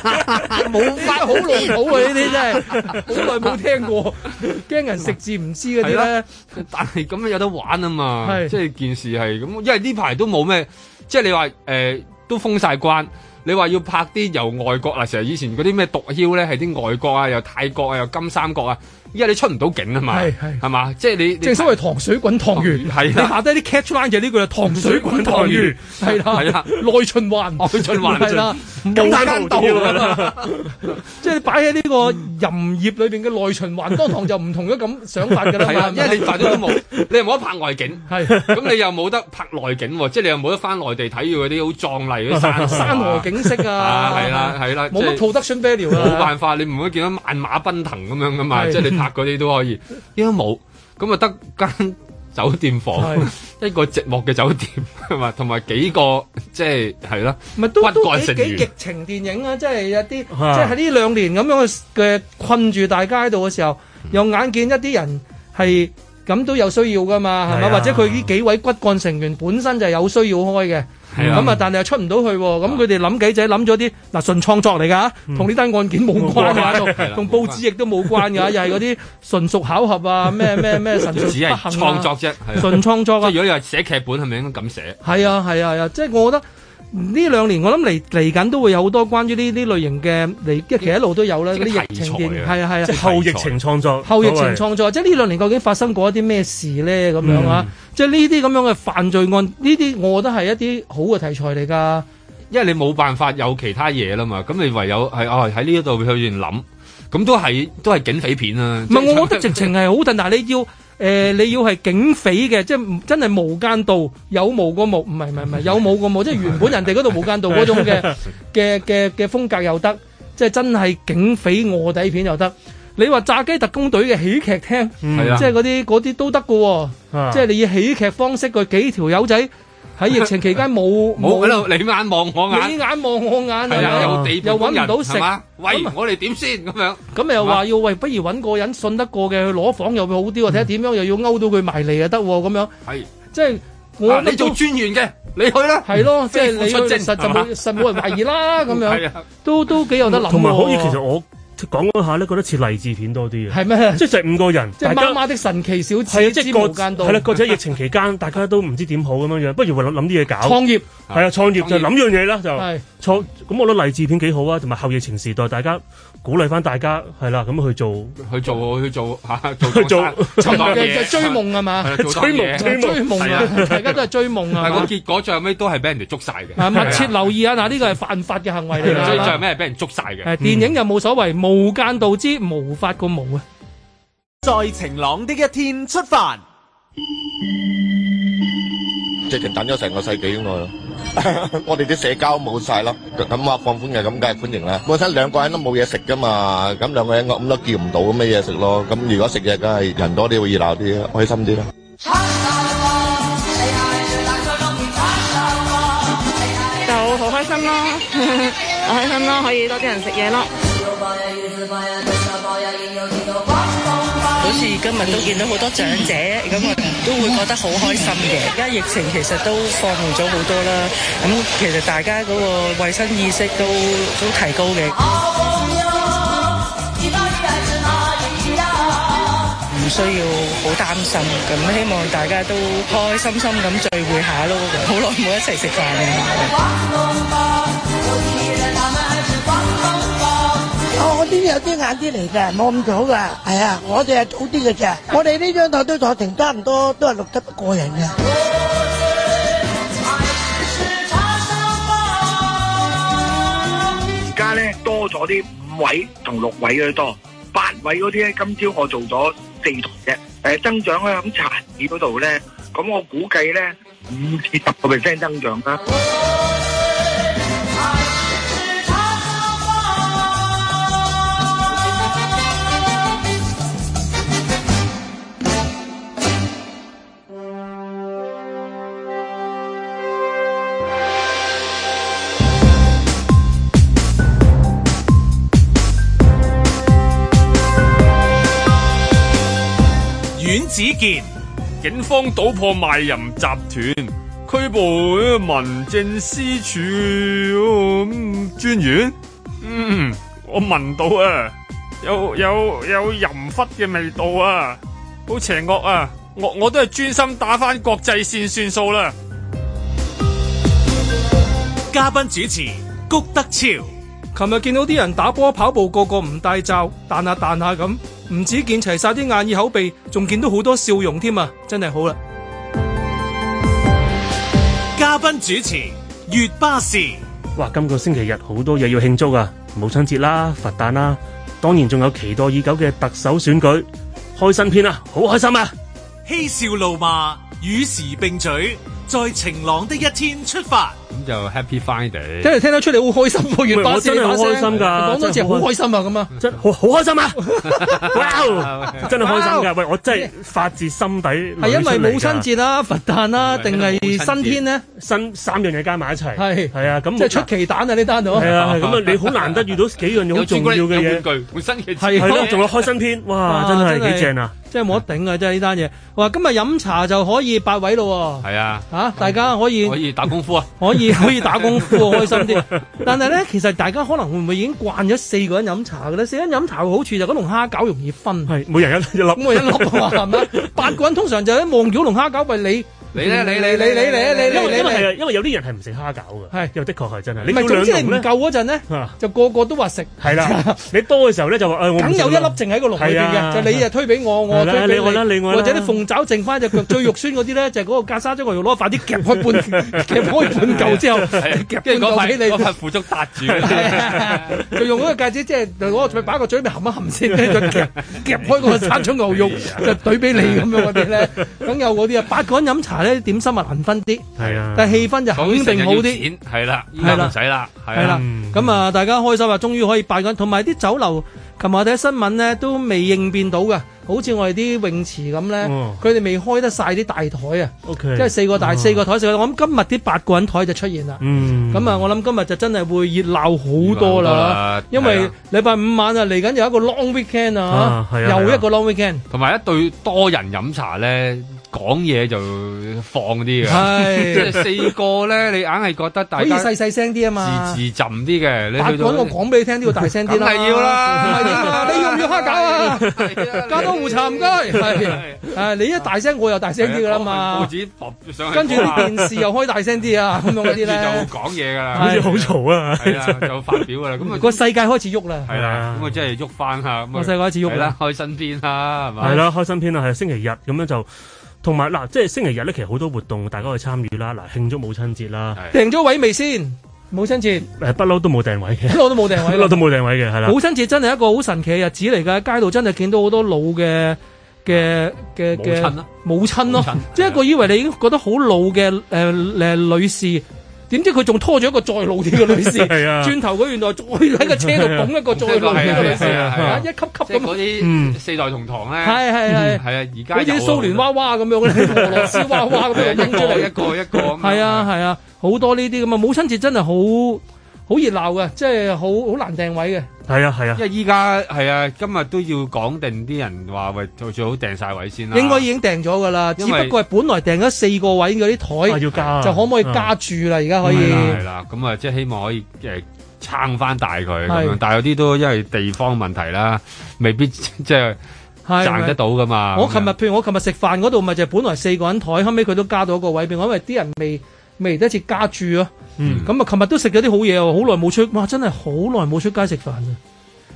冇法好老土啊！呢啲 真係好耐冇聽過，驚 人食字唔知嗰啲咧。但係咁樣有得玩啊嘛，即係 的件事係咁，因為呢排都冇咩，即係你話誒都封晒關，你話要拍啲由外國嗱，成以前嗰啲咩毒梟咧，係啲外國啊，又泰國啊，又金三角啊。依家你出唔到境啊嘛，係係，係嘛，即係你正所謂糖水滾湯圓，係啦，你下低啲 catchline 嘅呢句啊，糖水滾湯圓，係啦係啦，內循環，內循環係啦，冇得爭鬥噶啦，即係擺喺呢個淫業裏邊嘅內循環，當堂就唔同咗咁想法噶啦，係啊，因為你犯咗都冇，你又冇得拍外景，係，咁你又冇得拍內景，即係你又冇得翻內地睇住嗰啲好壯麗嘅山山河景色啊，係啦係啦，冇乜套得宣啤料啦，冇辦法，你唔可以見到萬馬奔騰咁樣噶嘛，即係你。嗰啲都可以，應該冇，咁啊得間酒店房，一個寂寞嘅酒店，係嘛，同埋幾個即係係啦，咪都都幾幾激情電影啊，即係一啲，即係呢兩年咁樣嘅困住大家喺度嘅時候，又眼見一啲人係。咁都有需要噶嘛，係咪？或者佢呢幾位骨幹成員本身就有需要開嘅，咁啊，但係又出唔到去喎。咁佢哋諗幾仔諗咗啲嗱純創作嚟㗎，同呢單案件冇關，同報紙亦都冇關㗎，又係嗰啲純屬巧合啊，咩咩咩純，只係創作啫，純創作啊！如果你話寫劇本，係咪應該咁寫？係啊係啊係啊！即係我覺得。呢兩年我諗嚟嚟緊都會有好多關於呢啲類型嘅嚟一，其實一路都有啦。啲疫情，係啊係啊，即係後疫情創作，後疫情創作，來即係呢兩年究竟發生過一啲咩事咧？咁、嗯、樣啊，即係呢啲咁樣嘅犯罪案，呢啲我覺得係一啲好嘅題材嚟噶，因為你冇辦法有其他嘢啦嘛，咁你唯有係啊喺呢一度去亂諗，咁都係都係警匪片啊。唔係，我覺得直情係好，但係 你要。誒、呃、你要係警匪嘅，即係真係無間道有無個無，唔係唔係唔係有冇個冇， 即係原本人哋嗰度無間道嗰種嘅嘅嘅嘅風格又得，即係真係警匪臥底片又得。你話炸雞特工隊嘅喜劇聽，嗯、即係嗰啲啲都得㗎喎，是啊、即係你以喜劇方式佢幾條友仔。喺疫情期間冇冇喺度，你眼望我眼，你眼望我眼，係啊，又地又揾唔到食，喂，我哋點先咁樣？咁又話要喂，不如揾個人信得過嘅去攞房，又會好啲。睇下點樣，又要勾到佢埋嚟就得。咁樣係，即係我你做專員嘅，你去啦，係咯，即係你實就冇實冇人懷疑啦。咁樣都都幾有得諗，同埋可以，其實我。講嗰下咧，覺得似勵志片多啲嘅，咩即係就係五個人，即係媽媽的神奇小子。師之家、啊、間，係啦、啊，而且疫情期間 大家都唔知點好咁樣樣，不如諗諗啲嘢搞創業，係啊，創業就諗、是、一業樣嘢啦，就是創。咁我覺得勵志片幾好啊，同埋後疫情時代大家。鼓勵翻，大家係啦，咁去做去做去做吓，去做尋日嘅，追夢啊嘛，追夢追夢，大家都係追夢啊。咁結果最後尾都係俾人哋捉晒嘅。密切留意啊！嗱，呢個係犯法嘅行為嚟。所以最後尾係俾人捉晒嘅。電影又冇所謂，無間道之無法個夢啊！在晴朗的一天出發，即係等咗成個世紀咁耐啊！我哋啲社交冇晒咯，咁啊，放寬嘅，咁梗係歡迎啦。本身兩個人都冇嘢食噶嘛，咁兩個人咁都叫唔到咩嘢食咯。咁如果食嘢，梗係人多啲會熱鬧啲，開心啲咯。就好開心咯，開心咯，可以多啲人食嘢咯。好似今日都見到好多長者，咁我都會覺得好開心嘅。而家疫情其實都放緩咗好多啦，咁其實大家嗰個衞生意識都都提高嘅。唔需要好擔心，咁希望大家都開開心心咁聚會下咯，好耐冇一齊食飯啦。我啲有啲晏啲嚟嘅，冇咁早噶。係啊，我哋係早啲嘅啫。我哋呢張台都坐停差唔多，都係六七個人嘅。而家咧多咗啲五位同六位嘅多，八位嗰啲咧，今朝我做咗四台嘅。誒，增長咧，咁茶市嗰度咧，咁我估計咧，五至十個 percent 增長啦。阮子健，警方搗破賣淫集團，拘捕民政司署、呃、專員。嗯，我聞到啊，有有有淫忽嘅味道啊，好邪惡啊！我我都係專心打翻國際線算數啦。嘉賓主持谷德超。琴日見到啲人打波跑步，個個唔戴罩，彈下彈下咁。唔止見齊晒啲眼耳口鼻，仲見到好多笑容添啊！真係好啦。嘉賓主持月巴士，哇！今個星期日好多嘢要慶祝啊！母親節啦，佛誕啦，當然仲有期待已久嘅特首選舉。開新篇啊！好開心啊！嬉笑怒罵，與時並舉，在晴朗的一天出發。咁就 happy fine 地，聽嚟聽得出嚟好開心喎，完多謝一聲，講到好似好開心啊咁啊，真係好開心啊！哇，真係開心噶，喂，我真係發自心底。係因為母親節啦、佛誕啦，定係新天呢？新三樣嘢加埋一齊，係係啊，咁即係出奇蛋啊！呢單度係啊，咁啊，你好難得遇到幾樣好重要嘅嘢，本新嘅係咯，仲有開新天，哇，真係幾正啊！真係冇得頂啊！真係呢單嘢，哇，今日飲茶就可以八位咯，係啊，吓，大家可以可以打功夫啊，可以。 可以打功夫，開心啲。但係咧，其實大家可能會唔會已經慣咗四個人飲茶嘅咧？四個人飲茶嘅好處就係龍蝦餃容易分，係每人一粒咁樣一粒啊嘛，係咪？八 個人通常就喺望住龍蝦餃，餵你。你咧，你你你你你咧，你你你，因為因為因為有啲人係唔食蝦餃嘅，係又的確係真係。唔係總之你唔夠嗰陣咧，就個個都話食係啦。你多嘅時候咧就話誒，梗有一粒剩喺個籠裏邊嘅，就你啊推俾我，我推俾你，或者啲鳳爪剩翻隻腳最肉酸嗰啲咧，就嗰個芥沙姜牛肉攞快啲夾開半，夾開半嚿之後夾半嚿俾你，個腐竹搭住，就用嗰個戒指即係攞把個嘴面含一含先咧，就夾夾開個沙姜牛肉就對俾你咁樣嗰啲咧，梗有嗰啲啊，八個人飲茶。睇點心物混分啲，係啊，但係氣氛就肯定好啲，係啦，依家唔使啦，係啦，咁啊，大家開心啊，終於可以八個人，同埋啲酒樓，琴日睇新聞咧都未應變到嘅，好似我哋啲泳池咁咧，佢哋未開得晒啲大台啊，即係四個大四個台，四個，我諗今日啲八個人台就出現啦，嗯，咁啊，我諗今日就真係會熱鬧好多啦，因為禮拜五晚啊，嚟緊又一個 long weekend 啊，又一個 long weekend，同埋一對多人飲茶咧。講嘢就放啲嘅，即係四個咧，你硬係覺得大家可以細細聲啲啊嘛，字字浸啲嘅，你去到我講俾你聽都要大聲啲啦，係要啦，係你要唔要蝦餃啊？加多壺茶唔該，係，你一大聲我又大聲啲噶啦嘛，跟住啲電視又開大聲啲啊，咁樣嗰啲咧，就講嘢噶啦，好似好嘈啊，係啊，就發表噶啦，咁啊，個世界開始喐啦，係啦，咁啊，即係喐翻下。個世界開始喐啦，開新篇啦，係嘛，係啦，開新篇啦，係星期日咁樣就。同埋嗱，即係星期日咧，其實好多活動，大家去參與啦。嗱，慶祝母親節啦，的定咗位未先？母親節誒，不嬲、嗯、都冇定位嘅，不嬲 都冇定位，都冇定位嘅，係啦。母親節真係一個好神奇嘅日子嚟㗎，街度真係見到好多老嘅嘅嘅嘅母親咯，即係一個以為你已經覺得好老嘅誒誒女士。點知佢仲拖住一個再老啲嘅女士，轉頭佢原來再喺個車度捧一個再老啲嘅女士啊，一級級咁，即係嗰啲四代同堂咧，係係係係啊！而家好似啲蘇聯娃娃咁樣咧，俄羅斯娃娃咁樣拎出嚟一個一個咁。係啊係啊，好多呢啲咁啊！母親節真係好好熱鬧嘅，即係好好難訂位嘅。係啊，係啊，因為依家係啊，今日都要講定啲人話喂，最好訂晒位先啦。應該已經訂咗噶啦，只不過係本來訂咗四個位嗰啲台，就可唔可以加住啦？而家可以。係啦，咁啊，即係希望可以誒撐翻大佢。但係有啲都因為地方問題啦，未必即係賺得到噶嘛。我琴日譬如我琴日食飯嗰度，咪就係本來四個人台，後尾佢都加到一個位，畀我，因為啲人未。未得一次家住啊，咁啊、嗯！琴日都食咗啲好嘢喎、哦，好耐冇出，哇！真係好耐冇出街食飯啊，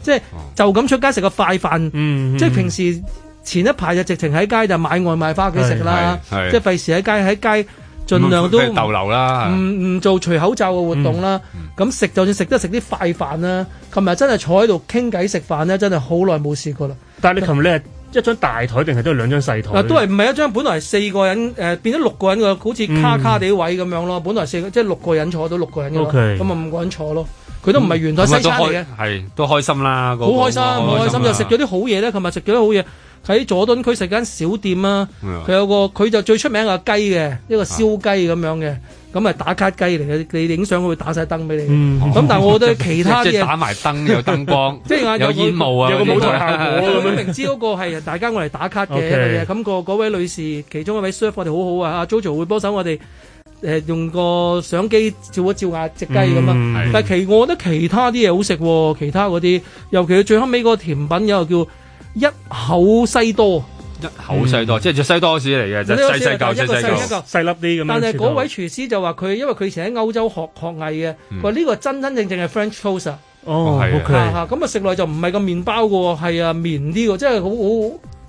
即係就咁出街食個快飯，嗯嗯、即係平時前一排就直情喺街就買外賣翻屋企食啦，即係費事喺街喺街盡量都逗留啦，唔唔、嗯、做除口罩嘅活動啦，咁食、嗯嗯、就算食得食啲快飯啦、啊，琴日真係坐喺度傾偈食飯咧，真係好耐冇試過啦。但係你琴日？嗯一張大台定係都係兩張細台？都係唔係一張？本來係四個人，誒、呃、變咗六個人嘅，好似卡卡地位咁樣咯。本來四個即係六個人坐到六個人咁，咁啊 Okay. 五個人坐咯。佢都唔係圓台、嗯、西餐嘅，係都，都開心啦。好開心，唔開心就食咗啲好嘢咧。琴日食咗啲好嘢喺佐敦區食間小店啦、啊。佢的有個佢就最出名係雞嘅，一個燒雞咁樣嘅。啊咁咪打卡雞嚟嘅，你影相佢會打晒燈俾你。咁、嗯、但係我覺得其他嘢 即係打埋燈有燈光，即係 有，有煙霧啊，有個舞台效果，明知嗰個係大家我嚟打卡嘅，咁 Okay.、嗰位女士其中一位 service 我哋好好啊，JoJo jo 會幫手我哋誒、呃、用個相機照一照一下隻雞咁啊、嗯。但係其的我覺得其他啲嘢好食喎、啊，其他嗰啲，尤其最後尾個甜品有個叫一口西多。口細多，即係隻西多士嚟嘅，就細細嚿細啲嚿。但係嗰位廚師就話佢，因為佢以前喺歐洲學學藝嘅，話呢個真真正正係 French toast。哦，係啊，咁啊食落就唔係個麵包嘅喎，係啊綿啲嘅，真係好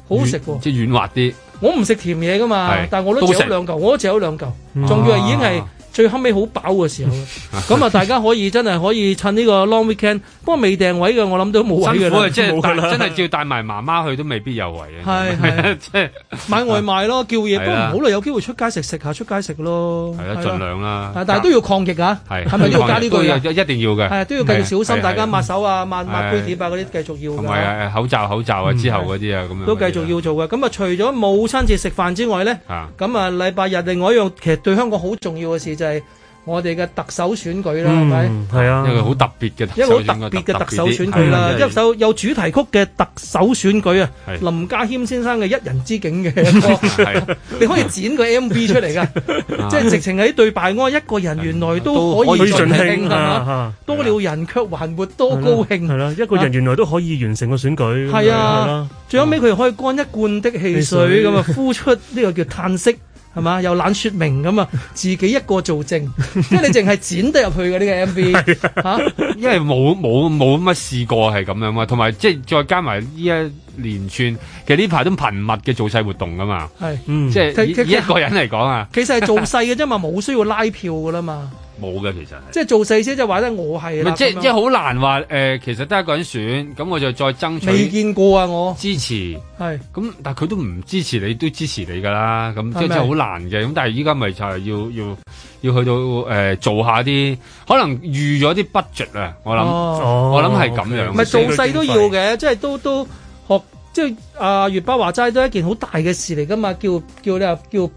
好好食嘅，即係軟滑啲。我唔食甜嘢㗎嘛，但係我都食咗兩嚿，我都食咗兩嚿，仲要係已經係。最後尾好飽嘅時候，咁啊大家可以真係可以趁呢個 long weekend，不過未訂位嘅我諗都冇位嘅。辛苦啊，真係照真帶埋媽媽去都未必有位啊。係係，即係買外賣咯，叫嘢都唔好啦。有機會出街食食下，出街食咯。係啊，儘量啦。但係都要抗疫啊，係係咪要加呢個？一定要嘅。係啊，都要繼續小心。大家抹手啊，抹抹杯碟啊嗰啲，繼續要。同口罩口罩啊，之後嗰啲啊咁樣。都繼續要做嘅。咁啊，除咗母親節食飯之外咧，咁啊禮拜日另外一樣其實對香港好重要嘅事係我哋嘅特首選舉啦，係咪？係啊，一個好特別嘅一個好特別嘅特首選舉啦，一首有主題曲嘅特首選舉啊，林家謙先生嘅「一人之境」嘅歌，你可以剪個 MV 出嚟㗎，即係直情喺對白安一個人原來都可以盡興，多了人卻還活多高興，係啦，一個人原來都可以完成個選舉，係啊，最後尾佢可以乾一罐的汽水咁啊，呼出呢個叫嘆息。係嘛？又懶説明，咁啊！自己一個做證，即係你淨係剪得入去嘅呢個 MV 吓，因為冇冇冇乜試過係咁樣啊！同埋即係再加埋呢一連串，其實呢排都頻密嘅造勢活動噶嘛，係是，嗯、即係實一個人嚟講啊，其實係造勢嘅啫嘛，冇 需要拉票噶啦嘛。冇嘅，其實即係做細啫，就係話得我係啦。即即係好難話誒，其實得一個人選，咁我就再爭取。未見過啊！我支持係咁，是但係佢都唔支持你，都支持你噶啦。咁即即係好難嘅。咁但係依家咪就係要要要去到誒、呃、做下啲，可能預咗啲 budget 啊。哦、我諗我諗係咁樣。唔係、哦 okay、做細都要嘅，即係都都學即係啊！粵北話齋都係一件好大嘅事嚟噶嘛，叫叫你啊叫。叫叫叫叫叫叫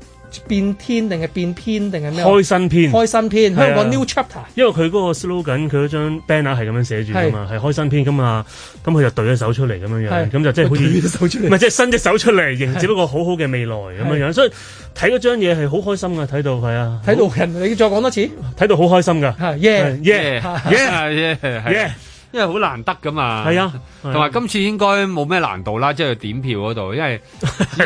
變天定係變篇定係咩？開新篇，開新篇，香港 new chapter。因為佢嗰個 slogan，佢嗰張 banner 係咁樣寫住㗎嘛，係開新篇噶嘛，咁佢就舉咗手出嚟咁樣樣，咁就即係好似手出嚟，唔係即係伸隻手出嚟，迎接一個好好嘅未來咁樣樣，所以睇嗰張嘢係好開心嘅，睇到係啊，睇到人，你要再講多次，睇到好開心噶，係耶！耶！耶！yeah。因為好難得㗎嘛，係啊，同埋、啊、今次應該冇咩難度啦，即、就、係、是、點票嗰度，因為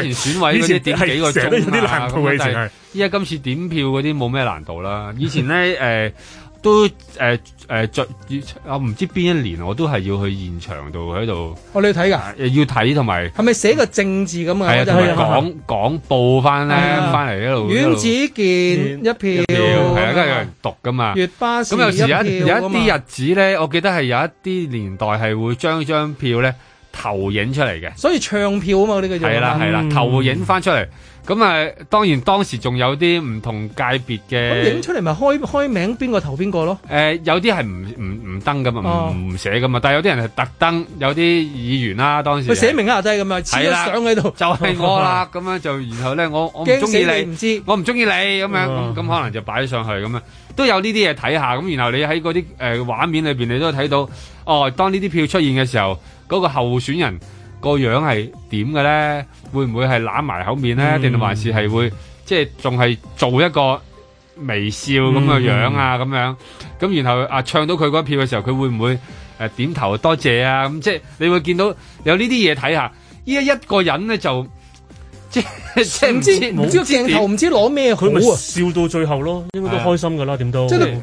以前選委嗰啲點幾個鐘啊，咁但係依家今次點票嗰啲冇咩難度啦，以前咧誒。 呃都誒誒在啊！唔知邊一年我都係要去現場度喺度。我你要睇噶？要睇同埋。係咪寫個正字咁啊？係啊，同埋講講報翻咧，翻嚟一路。阮子健一票，係啊，都係有人讀噶嘛。月巴，詩一咁有時一有一啲日子咧，我記得係有一啲年代係會將張票咧投影出嚟嘅。所以唱票啊嘛，呢個就係。係啦係啦，投影翻出嚟。咁、呃、啊，當然當時仲有啲唔同界別嘅，咁影出嚟咪開開名邊個投邊個咯？誒，有啲係唔唔唔登㗎嘛，唔唔寫㗎嘛，但係有啲人係特登，有啲議員啦當時，佢寫名啊低咁啊，黐咗相喺度，就係我啦咁 樣，就然後咧，我我唔中意你，唔知我唔中意你咁樣，咁可能就擺上去咁樣，都有呢啲嘢睇下咁，然後你喺嗰啲誒畫面裏邊，你都睇到哦，當呢啲票出現嘅時候，嗰個候選人。個樣係點嘅咧？會唔會係攬埋口面咧？定、嗯、還是係會即係仲係做一個微笑咁嘅樣啊？咁、嗯、樣咁然後啊，唱到佢嗰一票嘅時候，佢會唔會誒、啊、點頭多謝啊？咁、嗯、即係你會見到有呢啲嘢睇下，依家一個人咧就。即係唔知唔知個鏡頭唔知攞咩，佢冇笑到最後咯，應該都開心噶啦，點都即係佢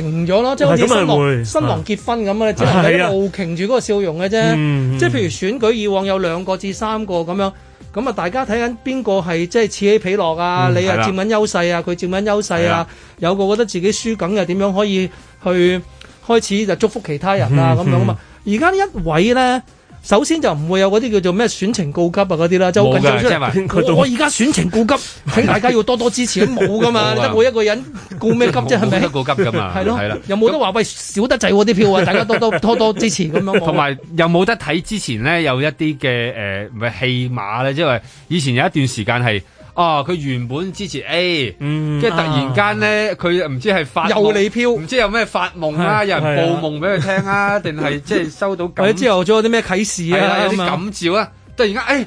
擎咗啦，即係好似新郎新郎結婚咁啊，只係喺度擎住嗰個笑容嘅啫。即係譬如選舉以往有兩個至三個咁樣，咁啊大家睇緊邊個係即係此起彼落啊，你啊佔緊優勢啊，佢佔緊優勢啊，有個覺得自己輸緊又點樣可以去開始就祝福其他人啊咁樣啊嘛。而家呢一位咧。首先就唔會有嗰啲叫做咩選情告急啊嗰啲啦，即緊張出嚟我而家選情告急，請大家要多多支持。冇噶嘛，得、 啊、我一個人告咩急即係咪？冇吧得告急噶嘛。係咯，係啦。又冇得話喂少得滯喎啲票啊！ 大家多多多多支持咁樣。同埋又冇得睇之前呢？有一啲嘅誒唔係戲碼咧，即係以前有一段時間係。哦，佢原本支持 A，即係突然間咧，佢唔知係發夢，唔知有咩發夢啦，有人報夢俾佢聽啊，定係即係收到。或者之後仲有啲咩啟示啊？有啲感召啊！突然間，哎，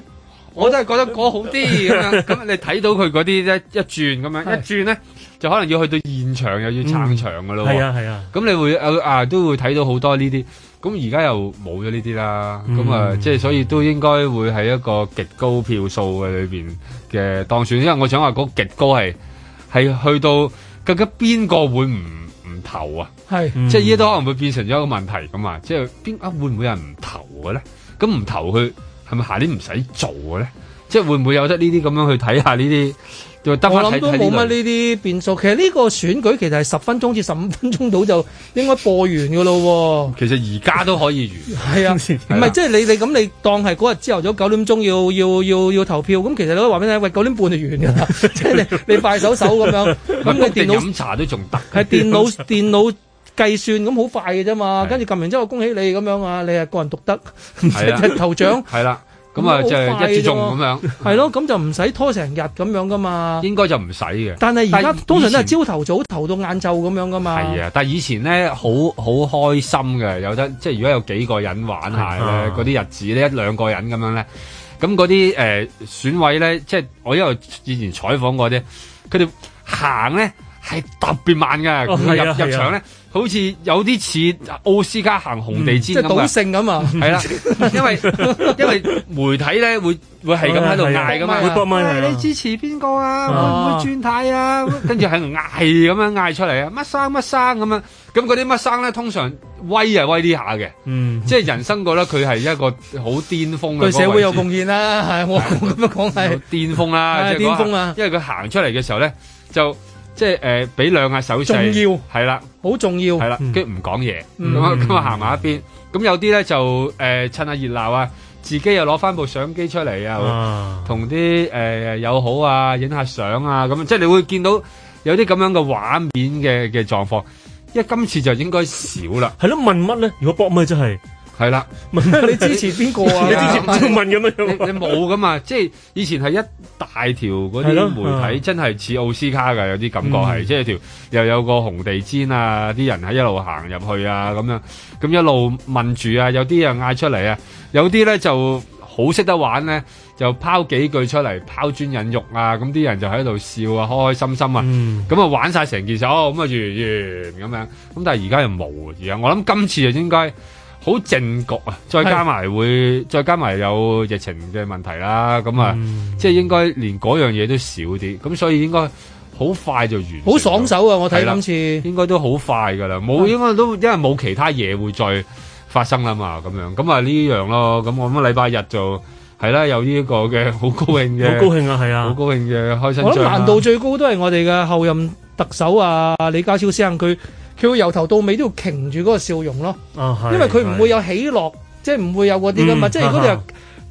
我都係覺得嗰好啲咁樣。咁你睇到佢嗰啲咧一轉咁樣，一轉咧就可能要去到現場又要撐場噶咯。係啊係啊，咁你會啊都會睇到好多呢啲。咁而家又冇咗呢啲啦，咁啊、嗯，即係、嗯、所以都應該會喺一個極高票數嘅裏邊嘅當選，因為我想話嗰極高係，係去到更加邊個會唔唔投啊？係，嗯、即係依家都可能會變成咗一個問題噶嘛，即係邊啊會唔會有人唔投嘅咧？咁唔投佢係咪下年唔使做嘅咧？即係會唔會有得呢啲咁樣去睇下呢啲？我諗都冇乜呢啲變數，其實呢個選舉其實係十分鐘至十五分鐘到就應該播完噶咯。其實而家都可以完。係啊，唔係即係你你咁你當係嗰日朝頭早九點鐘要要要要投票，咁其實你都話俾你聽，喂，九點半就完㗎啦，即係你你快手手咁樣。咁你電腦查都仲得。係電腦電腦計算咁好快嘅啫嘛，跟住撳完之後恭喜你咁樣啊，你係個人獨得，頭獎。係啦。咁啊這樣， 就一注中咁樣，係咯，咁就唔使拖成日咁樣噶嘛。應該就唔使嘅。但係而家通常都係朝頭早投前到晏晝咁樣噶嘛。係啊，但係以前咧，好好開心嘅，有得即係如果有幾個人玩下咧，嗰啲的、啊、日子咧一兩個人咁樣咧，咁嗰啲誒選委咧，即係我因為以前採訪過啲，佢哋行咧。係特別慢嘅，入入場咧，好似有啲似奧斯卡行紅地毯，嗯嗯，即係賭聖咁啊！係啦，嗯， 因為因為媒體咧會會係咁喺度嗌噶嘛，誒，你支持邊個啊？啊會唔會轉軚啊？跟住喺度嗌咁樣嗌出嚟啊！乜生乜生咁樣，咁嗰啲乜生咧，通常威啊威啲下嘅，即係，嗯、人生覺得佢係一個好巔峰嘅。對社會有貢獻啦，係我咁樣講係巔峰啦，巔峰啊！ 是因為佢行出嚟嘅時候咧就。即係誒，俾兩下手勢，係啦，好重要，係啦，跟住唔講嘢，咁啊咁啊，行埋一邊。咁有啲咧就誒，趁下熱鬧啊，自己又攞翻部相機出嚟啊，同啲誒友好啊，影下相啊，咁即係你會見到有啲咁樣嘅畫面嘅嘅狀況。因為今次就應該少啦。係咯，問乜咧？如果搏咪真係。係啦，問你支持邊個啊？你支持，你問咁樣，你冇噶嘛？即係以前係一大條嗰啲媒體，的真係似奧斯卡噶，有啲感覺係，嗯、即係條又有個紅地毯啊，啲人喺一路行入去啊，咁樣咁一路問住啊，有啲人嗌出嚟啊，有啲咧就好識得玩咧，就拋幾句出嚟，拋磚引玉啊，咁啲人就喺度笑啊，開開心心啊，咁啊、嗯、玩晒成件手咁啊圓圓咁樣，咁但係而家又冇啊，而家我諗今次就應該。好靜局啊，再加埋會，再加埋有疫情嘅問題啦，咁啊，嗯、即係應該連嗰樣嘢都少啲，咁所以應該好快就完。好爽手啊！我睇今次應該都好快㗎啦，冇應該都因為冇其他嘢會再發生啦嘛，咁樣，咁啊呢樣咯，咁我諗禮拜日就係啦，有呢個嘅好高興嘅，好 高興啊，係啊，好高興嘅開心、啊。我覺得難度最高都係我哋嘅後任特首啊，李家超先生佢。佢會由頭到尾都要擎住嗰個笑容咯，哦、因為佢唔會有喜樂，即係唔會有嗰啲噶嘛，嗯、即係如果你話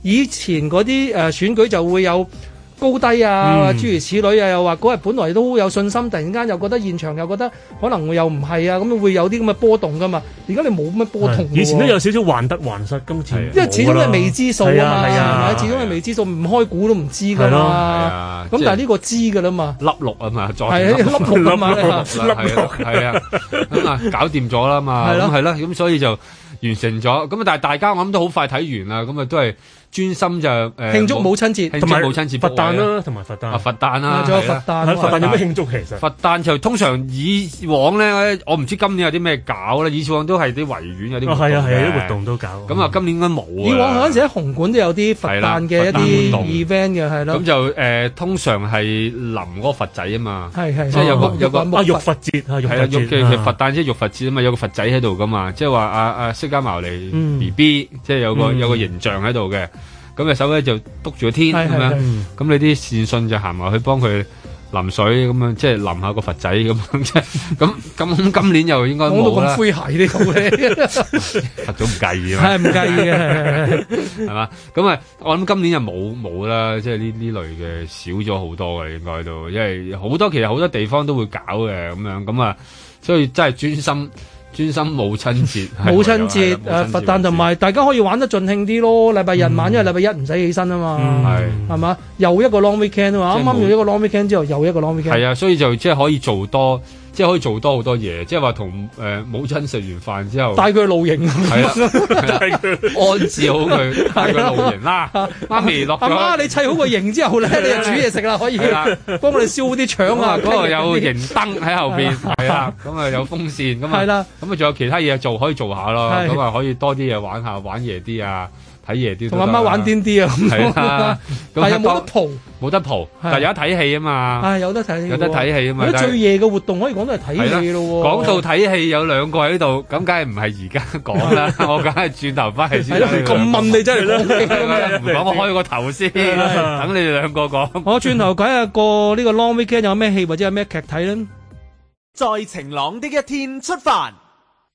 以前嗰啲誒選舉就會有。高低啊，諸如此類啊，又話嗰日本來都有信心，突然間又覺得現場又覺得可能會又唔係啊，咁會有啲咁嘅波動噶嘛。而家你冇乜波動，以前都有少少患得患失，今次，因為始終都係未知數嘅問題啊，係啊，始終係未知數，唔開估都唔知噶啦。咁但係呢個知噶啦嘛。粒六啊嘛，再粒六啊嘛，粒六係啊，咁啊搞掂咗啦嘛。係啦，係啦，咁所以就完成咗。咁但係大家我諗都好快睇完啦，咁啊都係。專心就誒慶祝母親節，同埋母親節佛誕啦，同埋佛誕啊佛誕啦，仲有佛誕，佛誕有咩慶祝其實？佛誕就通常以往咧，我唔知今年有啲咩搞咧。以往都係啲維園有啲活動嘅，係啊係啲活動都搞。咁啊，今年應該冇啊。以往嗰陣時喺紅館都有啲佛誕嘅一啲 event 嘅，係咯。咁就誒通常係淋嗰個佛仔啊嘛，即係有個有個浴佛節啊浴佛節嘅佛誕即係浴佛節啊嘛，有個佛仔喺度噶嘛，即係話啊啊釋迦牟尼 B B，即係有個有個形象喺度嘅。咁隻手咧就督住個天咁樣，咁你啲善信就行埋去幫佢淋水咁樣，即係淋下個佛仔咁啫。咁咁咁今年又應該冇啦。講到咁灰鞋啲咁嘅，佛祖唔介意嘛？係唔介意嘅係係係係嘛？咁啊，我諗今年就冇冇啦，即係呢呢類嘅少咗好多嘅應該都，因為好多其實好多地方都會搞嘅咁樣。咁啊，所以真係專心。專心母親節， 母親節誒、啊，佛誕同埋大家可以玩得盡興啲咯。禮拜日晚，嗯、因為禮拜一唔使起身啊嘛，係係嘛，又一個 long weekend 啊嘛，啱啱完一個 long weekend 之後，又一個 long weekend 係啊，所以就即係可以做多。即係可以做多好多嘢，即係話同誒母親食完飯之後，帶佢露營，係啦了， 安置好佢，帶佢露營啦。媽咪落咗，阿媽你砌好個營之後咧，你就煮嘢食啦，可以幫，幫我哋燒啲腸啊。嗰度有營燈喺後邊，係啊，咁啊有風扇，咁、那、啊、個，咁啊仲有其他嘢做，可以做下咯。咁啊 可以多啲嘢玩下，玩夜啲啊。睇夜啲，同阿媽玩癲啲啊！咁係啊，但係又冇得蒲，冇得蒲，但有得睇戲啊嘛！有得睇戲，有得睇戲啊嘛！最夜嘅活動可以講都係睇戲咯。講到睇戲有兩個喺度，咁梗係唔係而家講啦，我梗係轉頭翻去先。咁問你真係啦，唔講我開個頭先，等你哋兩個講。我轉頭講下個呢個 long weekend 有咩戲或者有咩劇睇啦。在晴朗啲一天出發。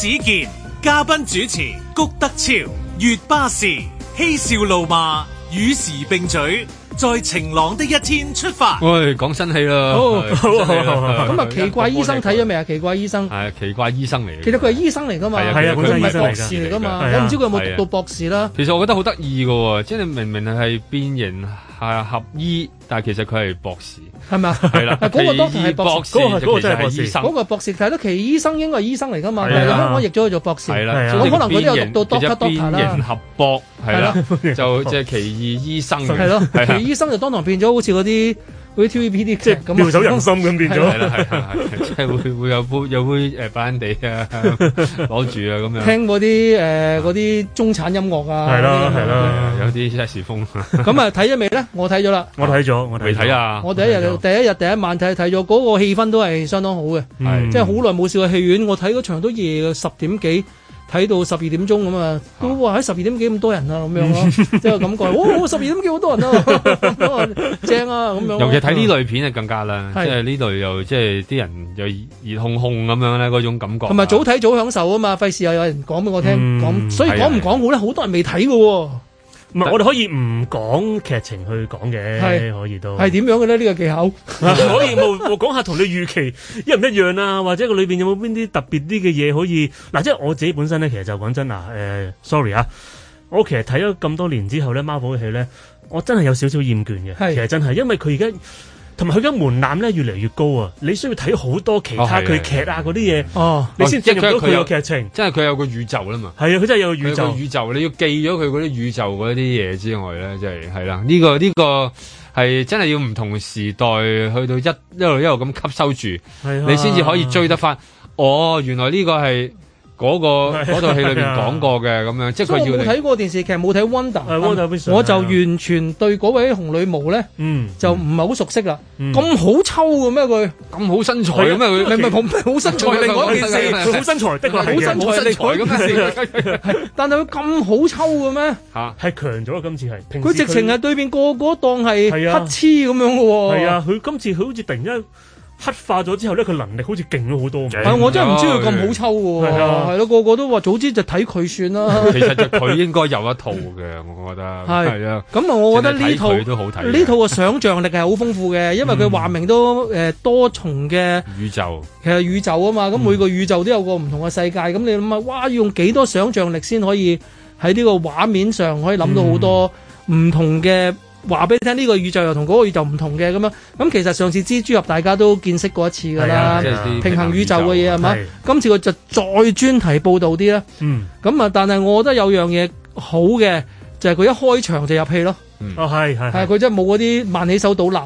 子健，嘉賓主持谷德昭、月巴氏，嬉笑怒罵，與時並進，在晴朗的一天出發。喂，講新戲啦。好，哦，咁啊是，奇怪醫生睇咗未啊？奇怪醫生係奇怪醫生嚟。嘅，啊！其實佢係醫生嚟噶嘛？係啊，佢唔係博士嚟噶嘛？我唔知佢有冇讀到博士啦，啊。其實我覺得好得意噶，即係明明係邊形。係啊合醫，但係其實佢係博士，係咪？係啦，嗰個 doctor 係博士，嗰個嗰個真係醫生，嗰個博士，睇到其奇醫生應該係醫生嚟噶嘛？香港譯咗去做博士？係啦，可能佢啲又讀到 doctor doctor。邊形合博係啦，就即係奇異醫生嚟咯，奇醫生就當堂變咗好似嗰啲。啲 TVB 啲即係咁妙手仁心，咁變咗。係啦係係係，即係會會有杯有杯，誒班地啊，攞住啊，咁樣聽嗰啲誒，嗰啲中產音樂啊，係啦係啦，有啲爵士風咁。啊，睇咗未咧？我睇咗啦，我睇咗，未睇啊？我第一日第一日第一晚睇，睇咗，嗰個氣氛都係相當好嘅，係即係好耐冇試過戲院，我睇嗰場都夜十點幾。睇到十二點鐘咁啊，都話喺十二點幾咁多人啊，咁樣咯， 即係感覺，哦、哦、十二點幾好多人啊， 正啊，咁樣。尤其睇呢類片啊，更加啦是的，即係呢類又即係啲人又熱烘烘咁樣咧，嗰種感覺。同埋早睇早享受啊嘛，費事又有人講俾我聽，講、嗯，所以講唔講好咧，好是的 多人未睇嘅喎。唔，不但 我哋可以唔講劇情去講嘅，係是可以都係點樣嘅咧？呢、這個技巧 可以冇講下同你預期一唔一樣啊？或者個裏邊有冇邊啲特別啲嘅嘢可以？嗱、啊，即、就、係、是、我自己本身咧，其實就講真啊，誒、呃、，sorry 啊，我其實睇咗咁多年之後咧 Marvel 嘅戲咧，我真係有少少厭倦嘅，是其實真係，因為佢而家。同埋佢嘅門檻咧越嚟越高啊！你需要睇好多其他佢劇啊嗰啲嘢，哦哦、你先記佢有劇情。即係佢有個宇宙啦嘛。係啊，佢真係有個宇宙，有個宇宙。你要記咗佢嗰啲宇宙嗰啲嘢之外咧，即係係啦。呢、呢個呢、呢個係真係要唔同時代去到一一路一路咁吸收住，的你先至可以追得翻。的哦，原來呢個係。嗰個嗰套戲裏面講過嘅咁樣，即係佢要。我冇睇過電視劇，冇睇 Wonder，我就完全對嗰位紅女巫咧，就唔係好熟悉啦。咁好抽嘅咩佢？咁好身材嘅咩佢？唔係唔係，好身材。佢好身材，的確係好身材。咁但係佢咁好抽嘅咩？嚇，係強咗，今次係。佢直情係對面個個當係乞嗤咁樣嘅喎。係啊，佢今次佢好似突然。黑化咗之後咧，佢能力好似勁咗好多。係，我真係唔知佢咁好抽。係啊，係咯，個個都話早知就睇佢算啦。其實就佢應該有一套嘅，我覺得係啊。咁啊，我覺得呢套都好睇，呢套嘅想像力係好豐富嘅，因為佢話明都誒多重嘅宇宙。其實宇宙啊嘛，咁每個宇宙都有個唔同嘅世界。咁你諗下，哇！要用幾多想像力先可以喺呢個畫面上可以諗到好多唔同嘅。話俾你聽，呢個宇宙又同嗰個宇宙唔同嘅咁樣。咁其實上次蜘蛛俠大家都見識過一次㗎啦。平衡宇宙嘅嘢係咪？今次佢就再專題報導啲啦。咁啊，但係我覺得有樣嘢好嘅就係佢一開場就入戲咯。啊係係。係佢真係冇嗰啲慢起手倒立，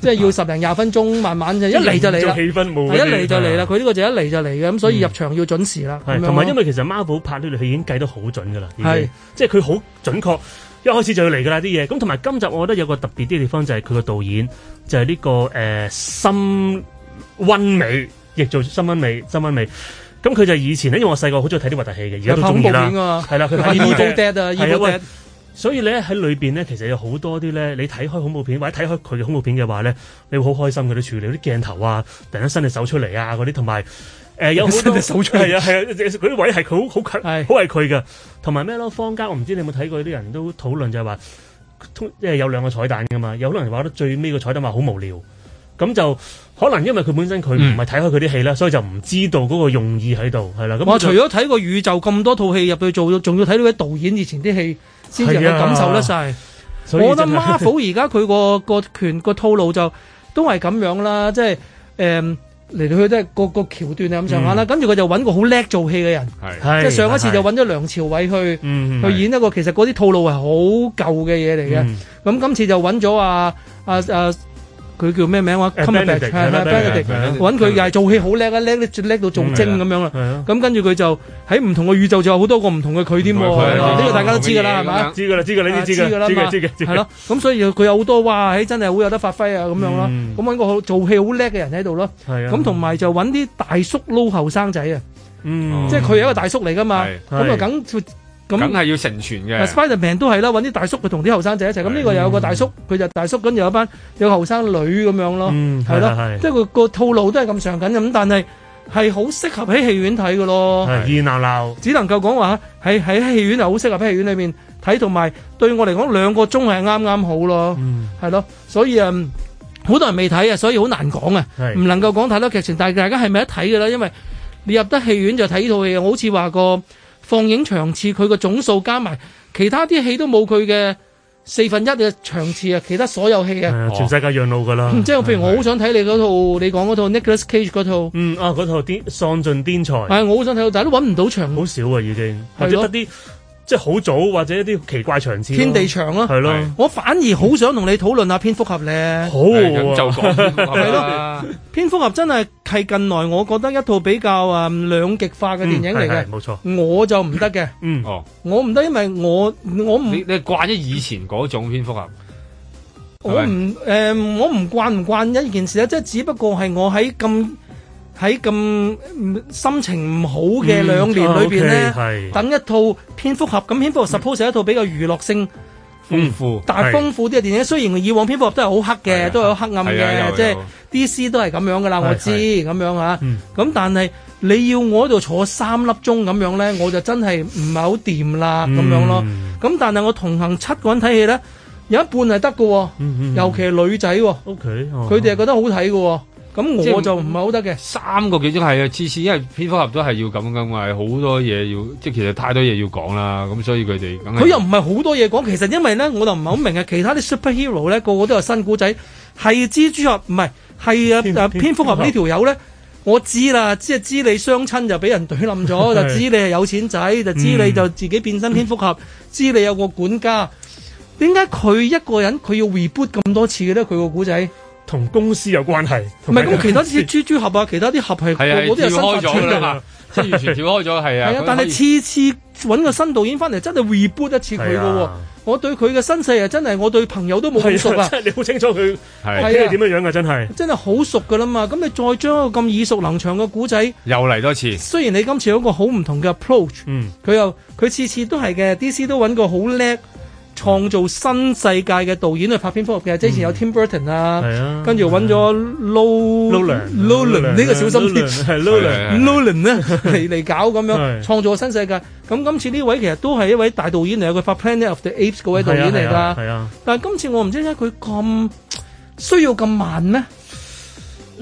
即係要十零廿分鐘慢慢就一嚟就嚟啦。氣氛冇。一嚟就嚟啦！佢呢個就一嚟就嚟嘅，咁所以入場要準時啦。同埋因為其實 Marvel 拍呢類戲已經計得好準㗎啦。係，即係佢好準確。一開始就要嚟噶啦啲嘢，咁同埋今集我覺得有個特別啲嘅地方就係佢個導演就係、是、呢、呢個誒森温美，亦做森温美森温美。咁佢就以前咧，因為我細個好中意睇啲核突戲嘅，而家都中意啦，係啦、啊，佢 所以咧喺裏邊咧，其實有好多啲咧，你睇開恐怖片或者睇開佢嘅恐怖片嘅話咧，你會好開心。佢啲處理啲鏡頭啊，突然間伸隻手出嚟啊，嗰啲同埋。誒、呃，有好多係蜜啊，係啊，嗰啲位係佢好好好係佢噶。同埋咩咯？方家，我唔知你有冇睇過啲人都討論就係話，即係有兩個彩蛋噶嘛。有好多人話得最尾個彩蛋話好無聊，咁就可能因為佢本身佢唔係睇開佢啲戲啦，嗯、所以就唔知道嗰個用意喺度係啦。我、嗯、除咗睇過宇宙咁多套戲入去做，仲要睇到位導演以前啲戲，先至有感受得晒。我覺得 Marvel 而家佢個個權個套路就都係咁樣啦，即係誒。呃呃呃嚟嚟去去都係各個橋段啊，咁上下啦，跟住佢就揾個好叻做戲嘅人，是即係上一次就揾咗梁朝偉去去演一個。其實嗰啲套路係好舊嘅嘢嚟嘅，咁今次就揾咗啊啊啊！啊啊佢叫咩名啊？係啦，Benedict，佢又係做戲好叻啊！叻叻到做精咁樣啦。咁跟住佢就喺唔同嘅宇宙就有好多個唔同嘅佢添，呢個大家都知㗎啦，係咪知㗎啦，知㗎，你啲知㗎。知㗎啦，知㗎，係咯，咁所以佢有好多哇！真係好有得發揮啊，咁樣咯。咁揾個做戲好叻嘅人喺度咯。咁同埋就啲大叔撈後生仔啊。即係佢係一個大叔嚟㗎嘛。咁就梗。咁梗係要成全嘅，Spiderman 都係啦，揾啲大叔佢同啲後生仔一齊。咁呢個有個大叔，佢就大叔，咁有一班有後生女咁樣咯，係咯，即係佢個套路都係咁上緊咁。但係係好適合喺戲院睇嘅咯，熱鬧鬧只能夠講話係喺戲院啊，好適合喺戲院裏面睇，同埋對我嚟講兩個鐘係啱啱好咯，係咯、嗯，所以啊，好、嗯、多人未睇啊，所以好難講啊，唔能夠講太多劇情，但係大家係咪一睇嘅啦？因為你入得戲院就睇呢套戲，好似話個。放映場次佢個總數加埋，其他啲戲都冇佢嘅四分一嘅場次啊！其他所有戲啊，全世界讓路㗎啦。即係譬如我好想睇你嗰套，是你講嗰套 Nicolas Cage 嗰套。套嗯啊，嗰套啲喪盡癲才。係，我好想睇到，但係都揾唔到場。好少啊，已經，或者得啲。即係好早或者一啲奇怪場次，天地場、啊、咯，咯我反而想好想同你討論下《蝙蝠俠》咧。好，就講係咯，《蝙蝠俠》真係係近來我覺得一套比較啊兩極化嘅電影嚟嘅，冇錯。我就唔得嘅，嗯，哦，嗯、是是是我唔得、嗯，因為我我唔你你慣咗以前嗰種《蝙蝠俠》。我唔誒，我唔慣唔慣一件事咧，即係只不過係我喺咁。喺咁心情唔好嘅兩年裏邊咧，等一套蝙蝠俠，咁蝙蝠俠 suppose 一套比較娛樂性，豐富但係豐富啲嘅電影。雖然以往蝙蝠俠都係好黑嘅，都係好黑暗嘅，即係 DC 都係咁樣噶啦。我知咁樣啊，咁但係你要我喺度坐三粒鐘咁樣咧，我就真係唔係好掂啦咁樣咯。咁但係我同行七個人睇戲咧，有一半係得嘅，尤其係女仔 OK，佢哋係覺得好睇嘅。咁我就唔係好得嘅，三個幾鐘係啊，次次因為蝙蝠俠都係要咁咁，係好多嘢要，即係其實太多嘢要講啦，咁所以佢哋佢又唔係好多嘢講，其實因為咧，我就唔係好明啊，其他啲 superhero 咧，個個都有新故仔，係蜘蛛俠唔係係啊蝙蝠俠呢條友咧，我知啦，即係知，知你雙親就俾人懟冧咗，是就知你係有錢仔，就知你就自己變身蝙蝠俠，嗯、知你有個管家，點解佢一個人佢要 reboot 咁多次嘅咧？佢個故仔？同公司有關係，唔係咁，其他啲豬豬俠啊，其他啲俠係嗰啲新拍出嚟嘛，完全跳開咗，係啊！係啊，但係次次揾個新導演翻嚟，真係 reboot 一次佢嘅喎。我對佢嘅身世啊，真係我對朋友都冇好熟啊！你好清楚佢，係佢點樣樣啊，真係真係好熟嘅啦嘛。咁你再將一個咁耳熟能詳嘅古仔，又嚟多次。雖然你今次有一個好唔同嘅 approach，佢又佢次次都係嘅，DC 都揾個好叻，創造新世界嘅導演去拍蝙蝠俠嘅，之前有 Tim Burton 啊，跟住揾咗 Nolan，Nolan 呢個小心，Nolan 係 Nolan，Nolan 咧嚟嚟搞咁樣，創造新世界。咁今次呢位其實都係一位大導演嚟，佢拍 Planet of the Apes 嗰位導演嚟啦。但係今次我唔知點解佢咁需要咁慢咧。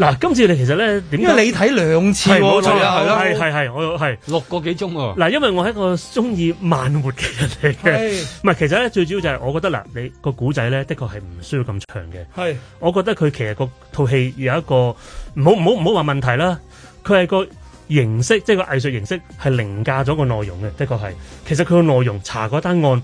嗱，今次你其實咧，點解你睇兩次喎，冇錯，係啦，係係係，我係六個幾鐘喎。嗱，因為我係一個中意慢活嘅人嚟嘅。唔係其實咧最主要就係我覺得啦，你個古仔咧，的確係唔需要咁長嘅。係，我覺得佢其實個套戲有一個唔好唔好唔好話問題啦，佢係個形式，即係個藝術形式係凌駕咗個內容嘅，的確係。其實佢個內容查嗰單案。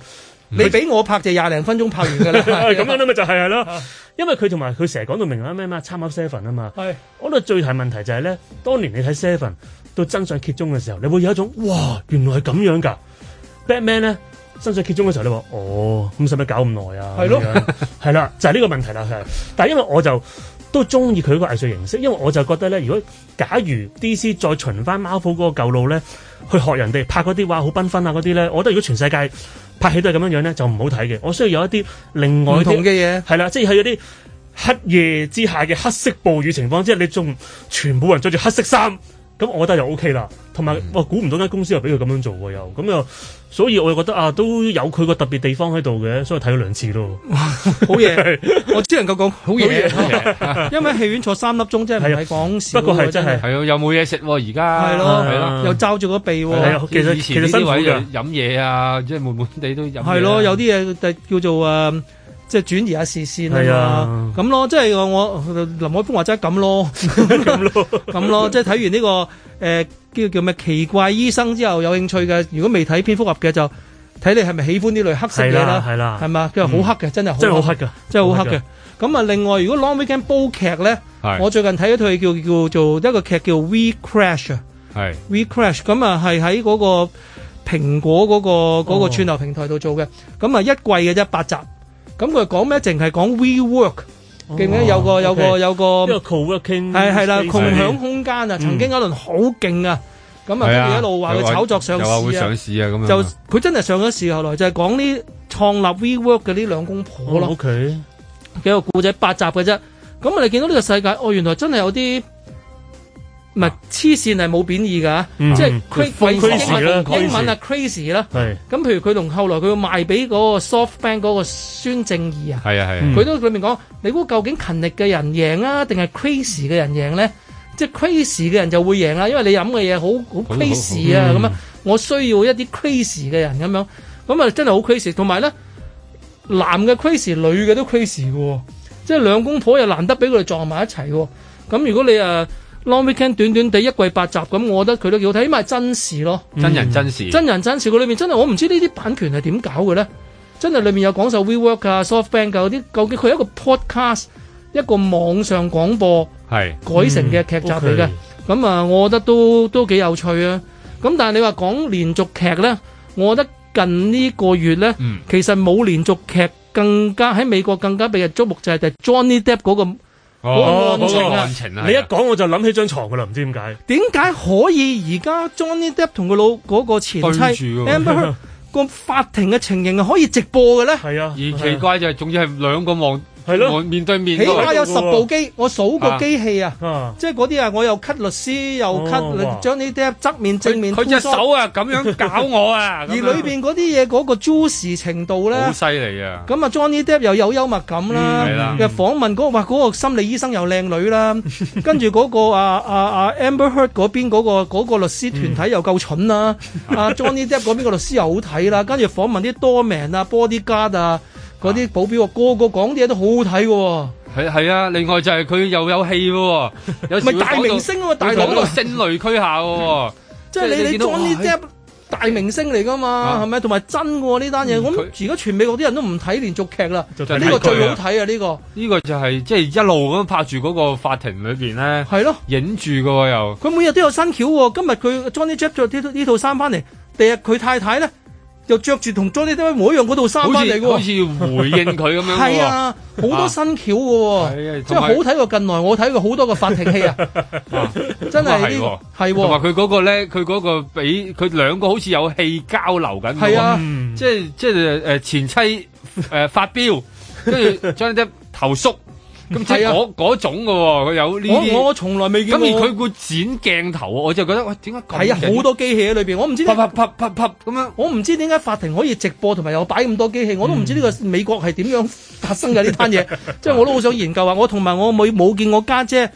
嗯、你俾我拍就廿零分鐘拍完噶啦，咁 樣咪就係係咯。 因為佢同埋佢成日講到明話咩咩參悟 Seven 啊嘛。係是我覺得最大問題就係、是、咧，當年你睇 Seven 到真相揭盅嘅時候，你會有一種哇，原來係咁樣噶。Batman 咧真相揭盅嘅時候，你話哦，咁使唔使搞咁耐啊？係咯，係啦，就係、是、呢個問題啦。但係因為我就都中意佢個藝術形式，因為我就覺得咧，如果假如 D.C. 再循翻貓虎嗰個舊路咧，去學人哋拍嗰啲話好繽紛啊嗰啲咧，我覺得如果全世界。拍戲都係咁樣樣咧，就唔好睇嘅。我需要有一啲另外嘅嘢，係啦，即係喺啲黑夜之下嘅黑色暴雨情況之下，你仲全部人着住黑色衫。咁我覺得又 OK 啦，同埋我估唔到間公司又俾佢咁樣做喎又，咁又所以我又覺得啊都有佢個特別地方喺度嘅，所以睇咗兩次咯。好嘢，我只能夠講好嘢，因為戲院坐三粒鐘即係唔係講笑。不過係真係，係哦又冇嘢食而家，係咯又罩住個鼻。其實其實呢位就飲嘢啊，即係悶悶地都飲。係咯，有啲嘢叫做誒。即係轉移下視線啊嘛，咁咯，即係我林海峰話齋咁咯，咁咯，咁即係睇完呢個誒叫叫咩奇怪醫生之後有興趣嘅，如果未睇蝙蝠俠嘅就睇你係咪喜歡呢類黑色嘢啦，係啦，係嘛，佢話好黑嘅，真係好黑嘅，真係好黑嘅。咁啊，另外如果 long weekend 煲劇咧，我最近睇咗套叫叫做一個劇叫 We Crash，係 We Crash 咁啊，係喺嗰個蘋果嗰個串流平台度做嘅，咁啊一季嘅啫，八集。咁佢講咩？淨係講 WeWork，記唔記得有個 okay. 有個有個，coworking 係係啦，共是是享空間啊，嗯、曾經嗰輪好勁啊，咁啊、嗯、一路話佢炒作上市啊，上市啊咁樣就，就佢真係上咗市，後來就係講呢創立 WeWork 嘅呢兩公婆咯，OK，幾個故仔八集嘅啫，咁我哋見到呢個世界，哦原來真係有啲。唔黐線係冇貶義嘅，即係英文、嗯、英文啊 crazy 啦、啊。咁譬如佢同後來佢賣俾嗰個 SoftBank 嗰個孫正義啊，係啊係啊，佢都裏面講你估究竟勤力嘅人贏啊，定係 crazy 嘅人贏咧？即係 crazy 嘅人就會贏啊！因為你飲嘅嘢好好 crazy 啊咁啊，嗯、我需要一啲 crazy 嘅人咁樣，咁啊真係好 crazy。同埋咧男嘅 crazy，女嘅都 crazy 嘅，即係兩公婆又難得俾佢哋撞埋一齊喎。咁如果你啊～、呃 Long Weekend 短短地一季八集，咁我覺得佢都幾好睇，起碼係真事咯。嗯、真人真事，真人真事，佢裏面真係我唔知呢啲版權係點搞嘅咧，真係裏面有講授 WeWork 啊、SoftBank 啊嗰啲，究竟佢係一個 podcast 一個網上廣播改成嘅劇集嚟嘅，咁啊、嗯 okay，我覺得都都幾有趣啊！咁但係你話講連續劇咧，我覺得近呢個月咧，嗯、其實冇連續劇更加喺美國更加被人矚目就係、是、The Johnny Depp 嗰、那個。哦，情啊！你一講我就諗起張床噶啦，唔的知點解？點解可以而家 Johnny Depp 同個老嗰、個前妻 Amber 個法庭嘅情形啊，係可以直播嘅咧？係啊！而奇怪就係、是，總之係兩個網。係咯，面對面，起碼有十部機，我數個機器啊，即係嗰啲啊，我又 cut 律師，又 cut 將呢啲側面、正面，佢隻手啊咁樣搞我啊！而裏邊嗰啲嘢嗰個 juicy 程度咧，好犀利啊！咁啊，Johnny Depp 又有幽默感啦，又訪問嗰個話嗰個心理醫生又靚女啦，跟住嗰個啊啊啊 Amber Heard 嗰邊嗰個律師團體又夠蠢啦，啊 Johnny Depp 嗰邊個律師又好睇啦，跟住訪問啲 Doorman 啊、Bodyguard 啊。嗰啲保鏢個個講啲嘢都好好睇嘅，係係啊！另外就係佢又有戲嘅、哦，有唔係 大明星啊大佬啊，聲淚俱下嘅，即係你你 Johnny Depp 大明星嚟、啊、噶嘛，係咪？同埋真嘅呢單嘢，咁而家全美國啲人都唔睇連續劇啦，呢個最好睇啊！呢、這個呢個就係即係一路咁拍住嗰個法庭裏邊咧，係咯、啊，影住嘅又，佢每日都有新橋，今日佢 Johnny Depp 做呢呢套衫翻嚟，第日佢太太咧。又着住同 Johnny 一樣嗰套衫嚟嘅喎，好似回應佢咁樣喎。係 啊，好多新橋嘅喎，真係、啊、好睇過近來我睇過好多個法庭戲啊！啊真係係喎，同埋佢嗰個咧，佢嗰個比佢兩個好似有戲交流緊。係啊，嗯、即係即係誒前妻誒、呃、發飆，跟住 Johnny 頭縮。咁即係嗰嗰種嘅，佢有呢啲嘢。我我我從來未見過。咁而佢會剪鏡頭，我就覺得，喂、哎，點解啊，好多機器喺裏邊？我唔知。啪啪啪啪啪咁樣，我唔知點解法庭可以直播，同埋又擺咁多機器，我都唔知呢個美國係點樣發生嘅呢單嘢。即係我都好想研究下，我同埋我冇冇見我家姐，姐。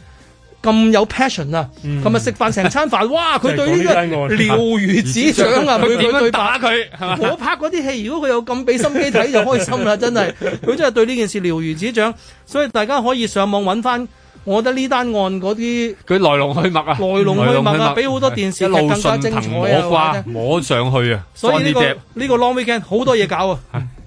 咁有 passion 啊！琴日食飯成餐飯，哇！佢對呢個了如指掌啊！佢點打佢？我拍嗰啲戲，如果佢有咁俾心機睇，就開心啦！真係，佢真係對呢件事了如指掌，所以大家可以上網揾翻。我覺得呢單案嗰啲，佢來龍去脈啊，來龍去脈啊，比好多電視劇更加精彩啊！摸摸上去啊！所以呢、呢個呢、呢個 long weekend 好多嘢搞啊！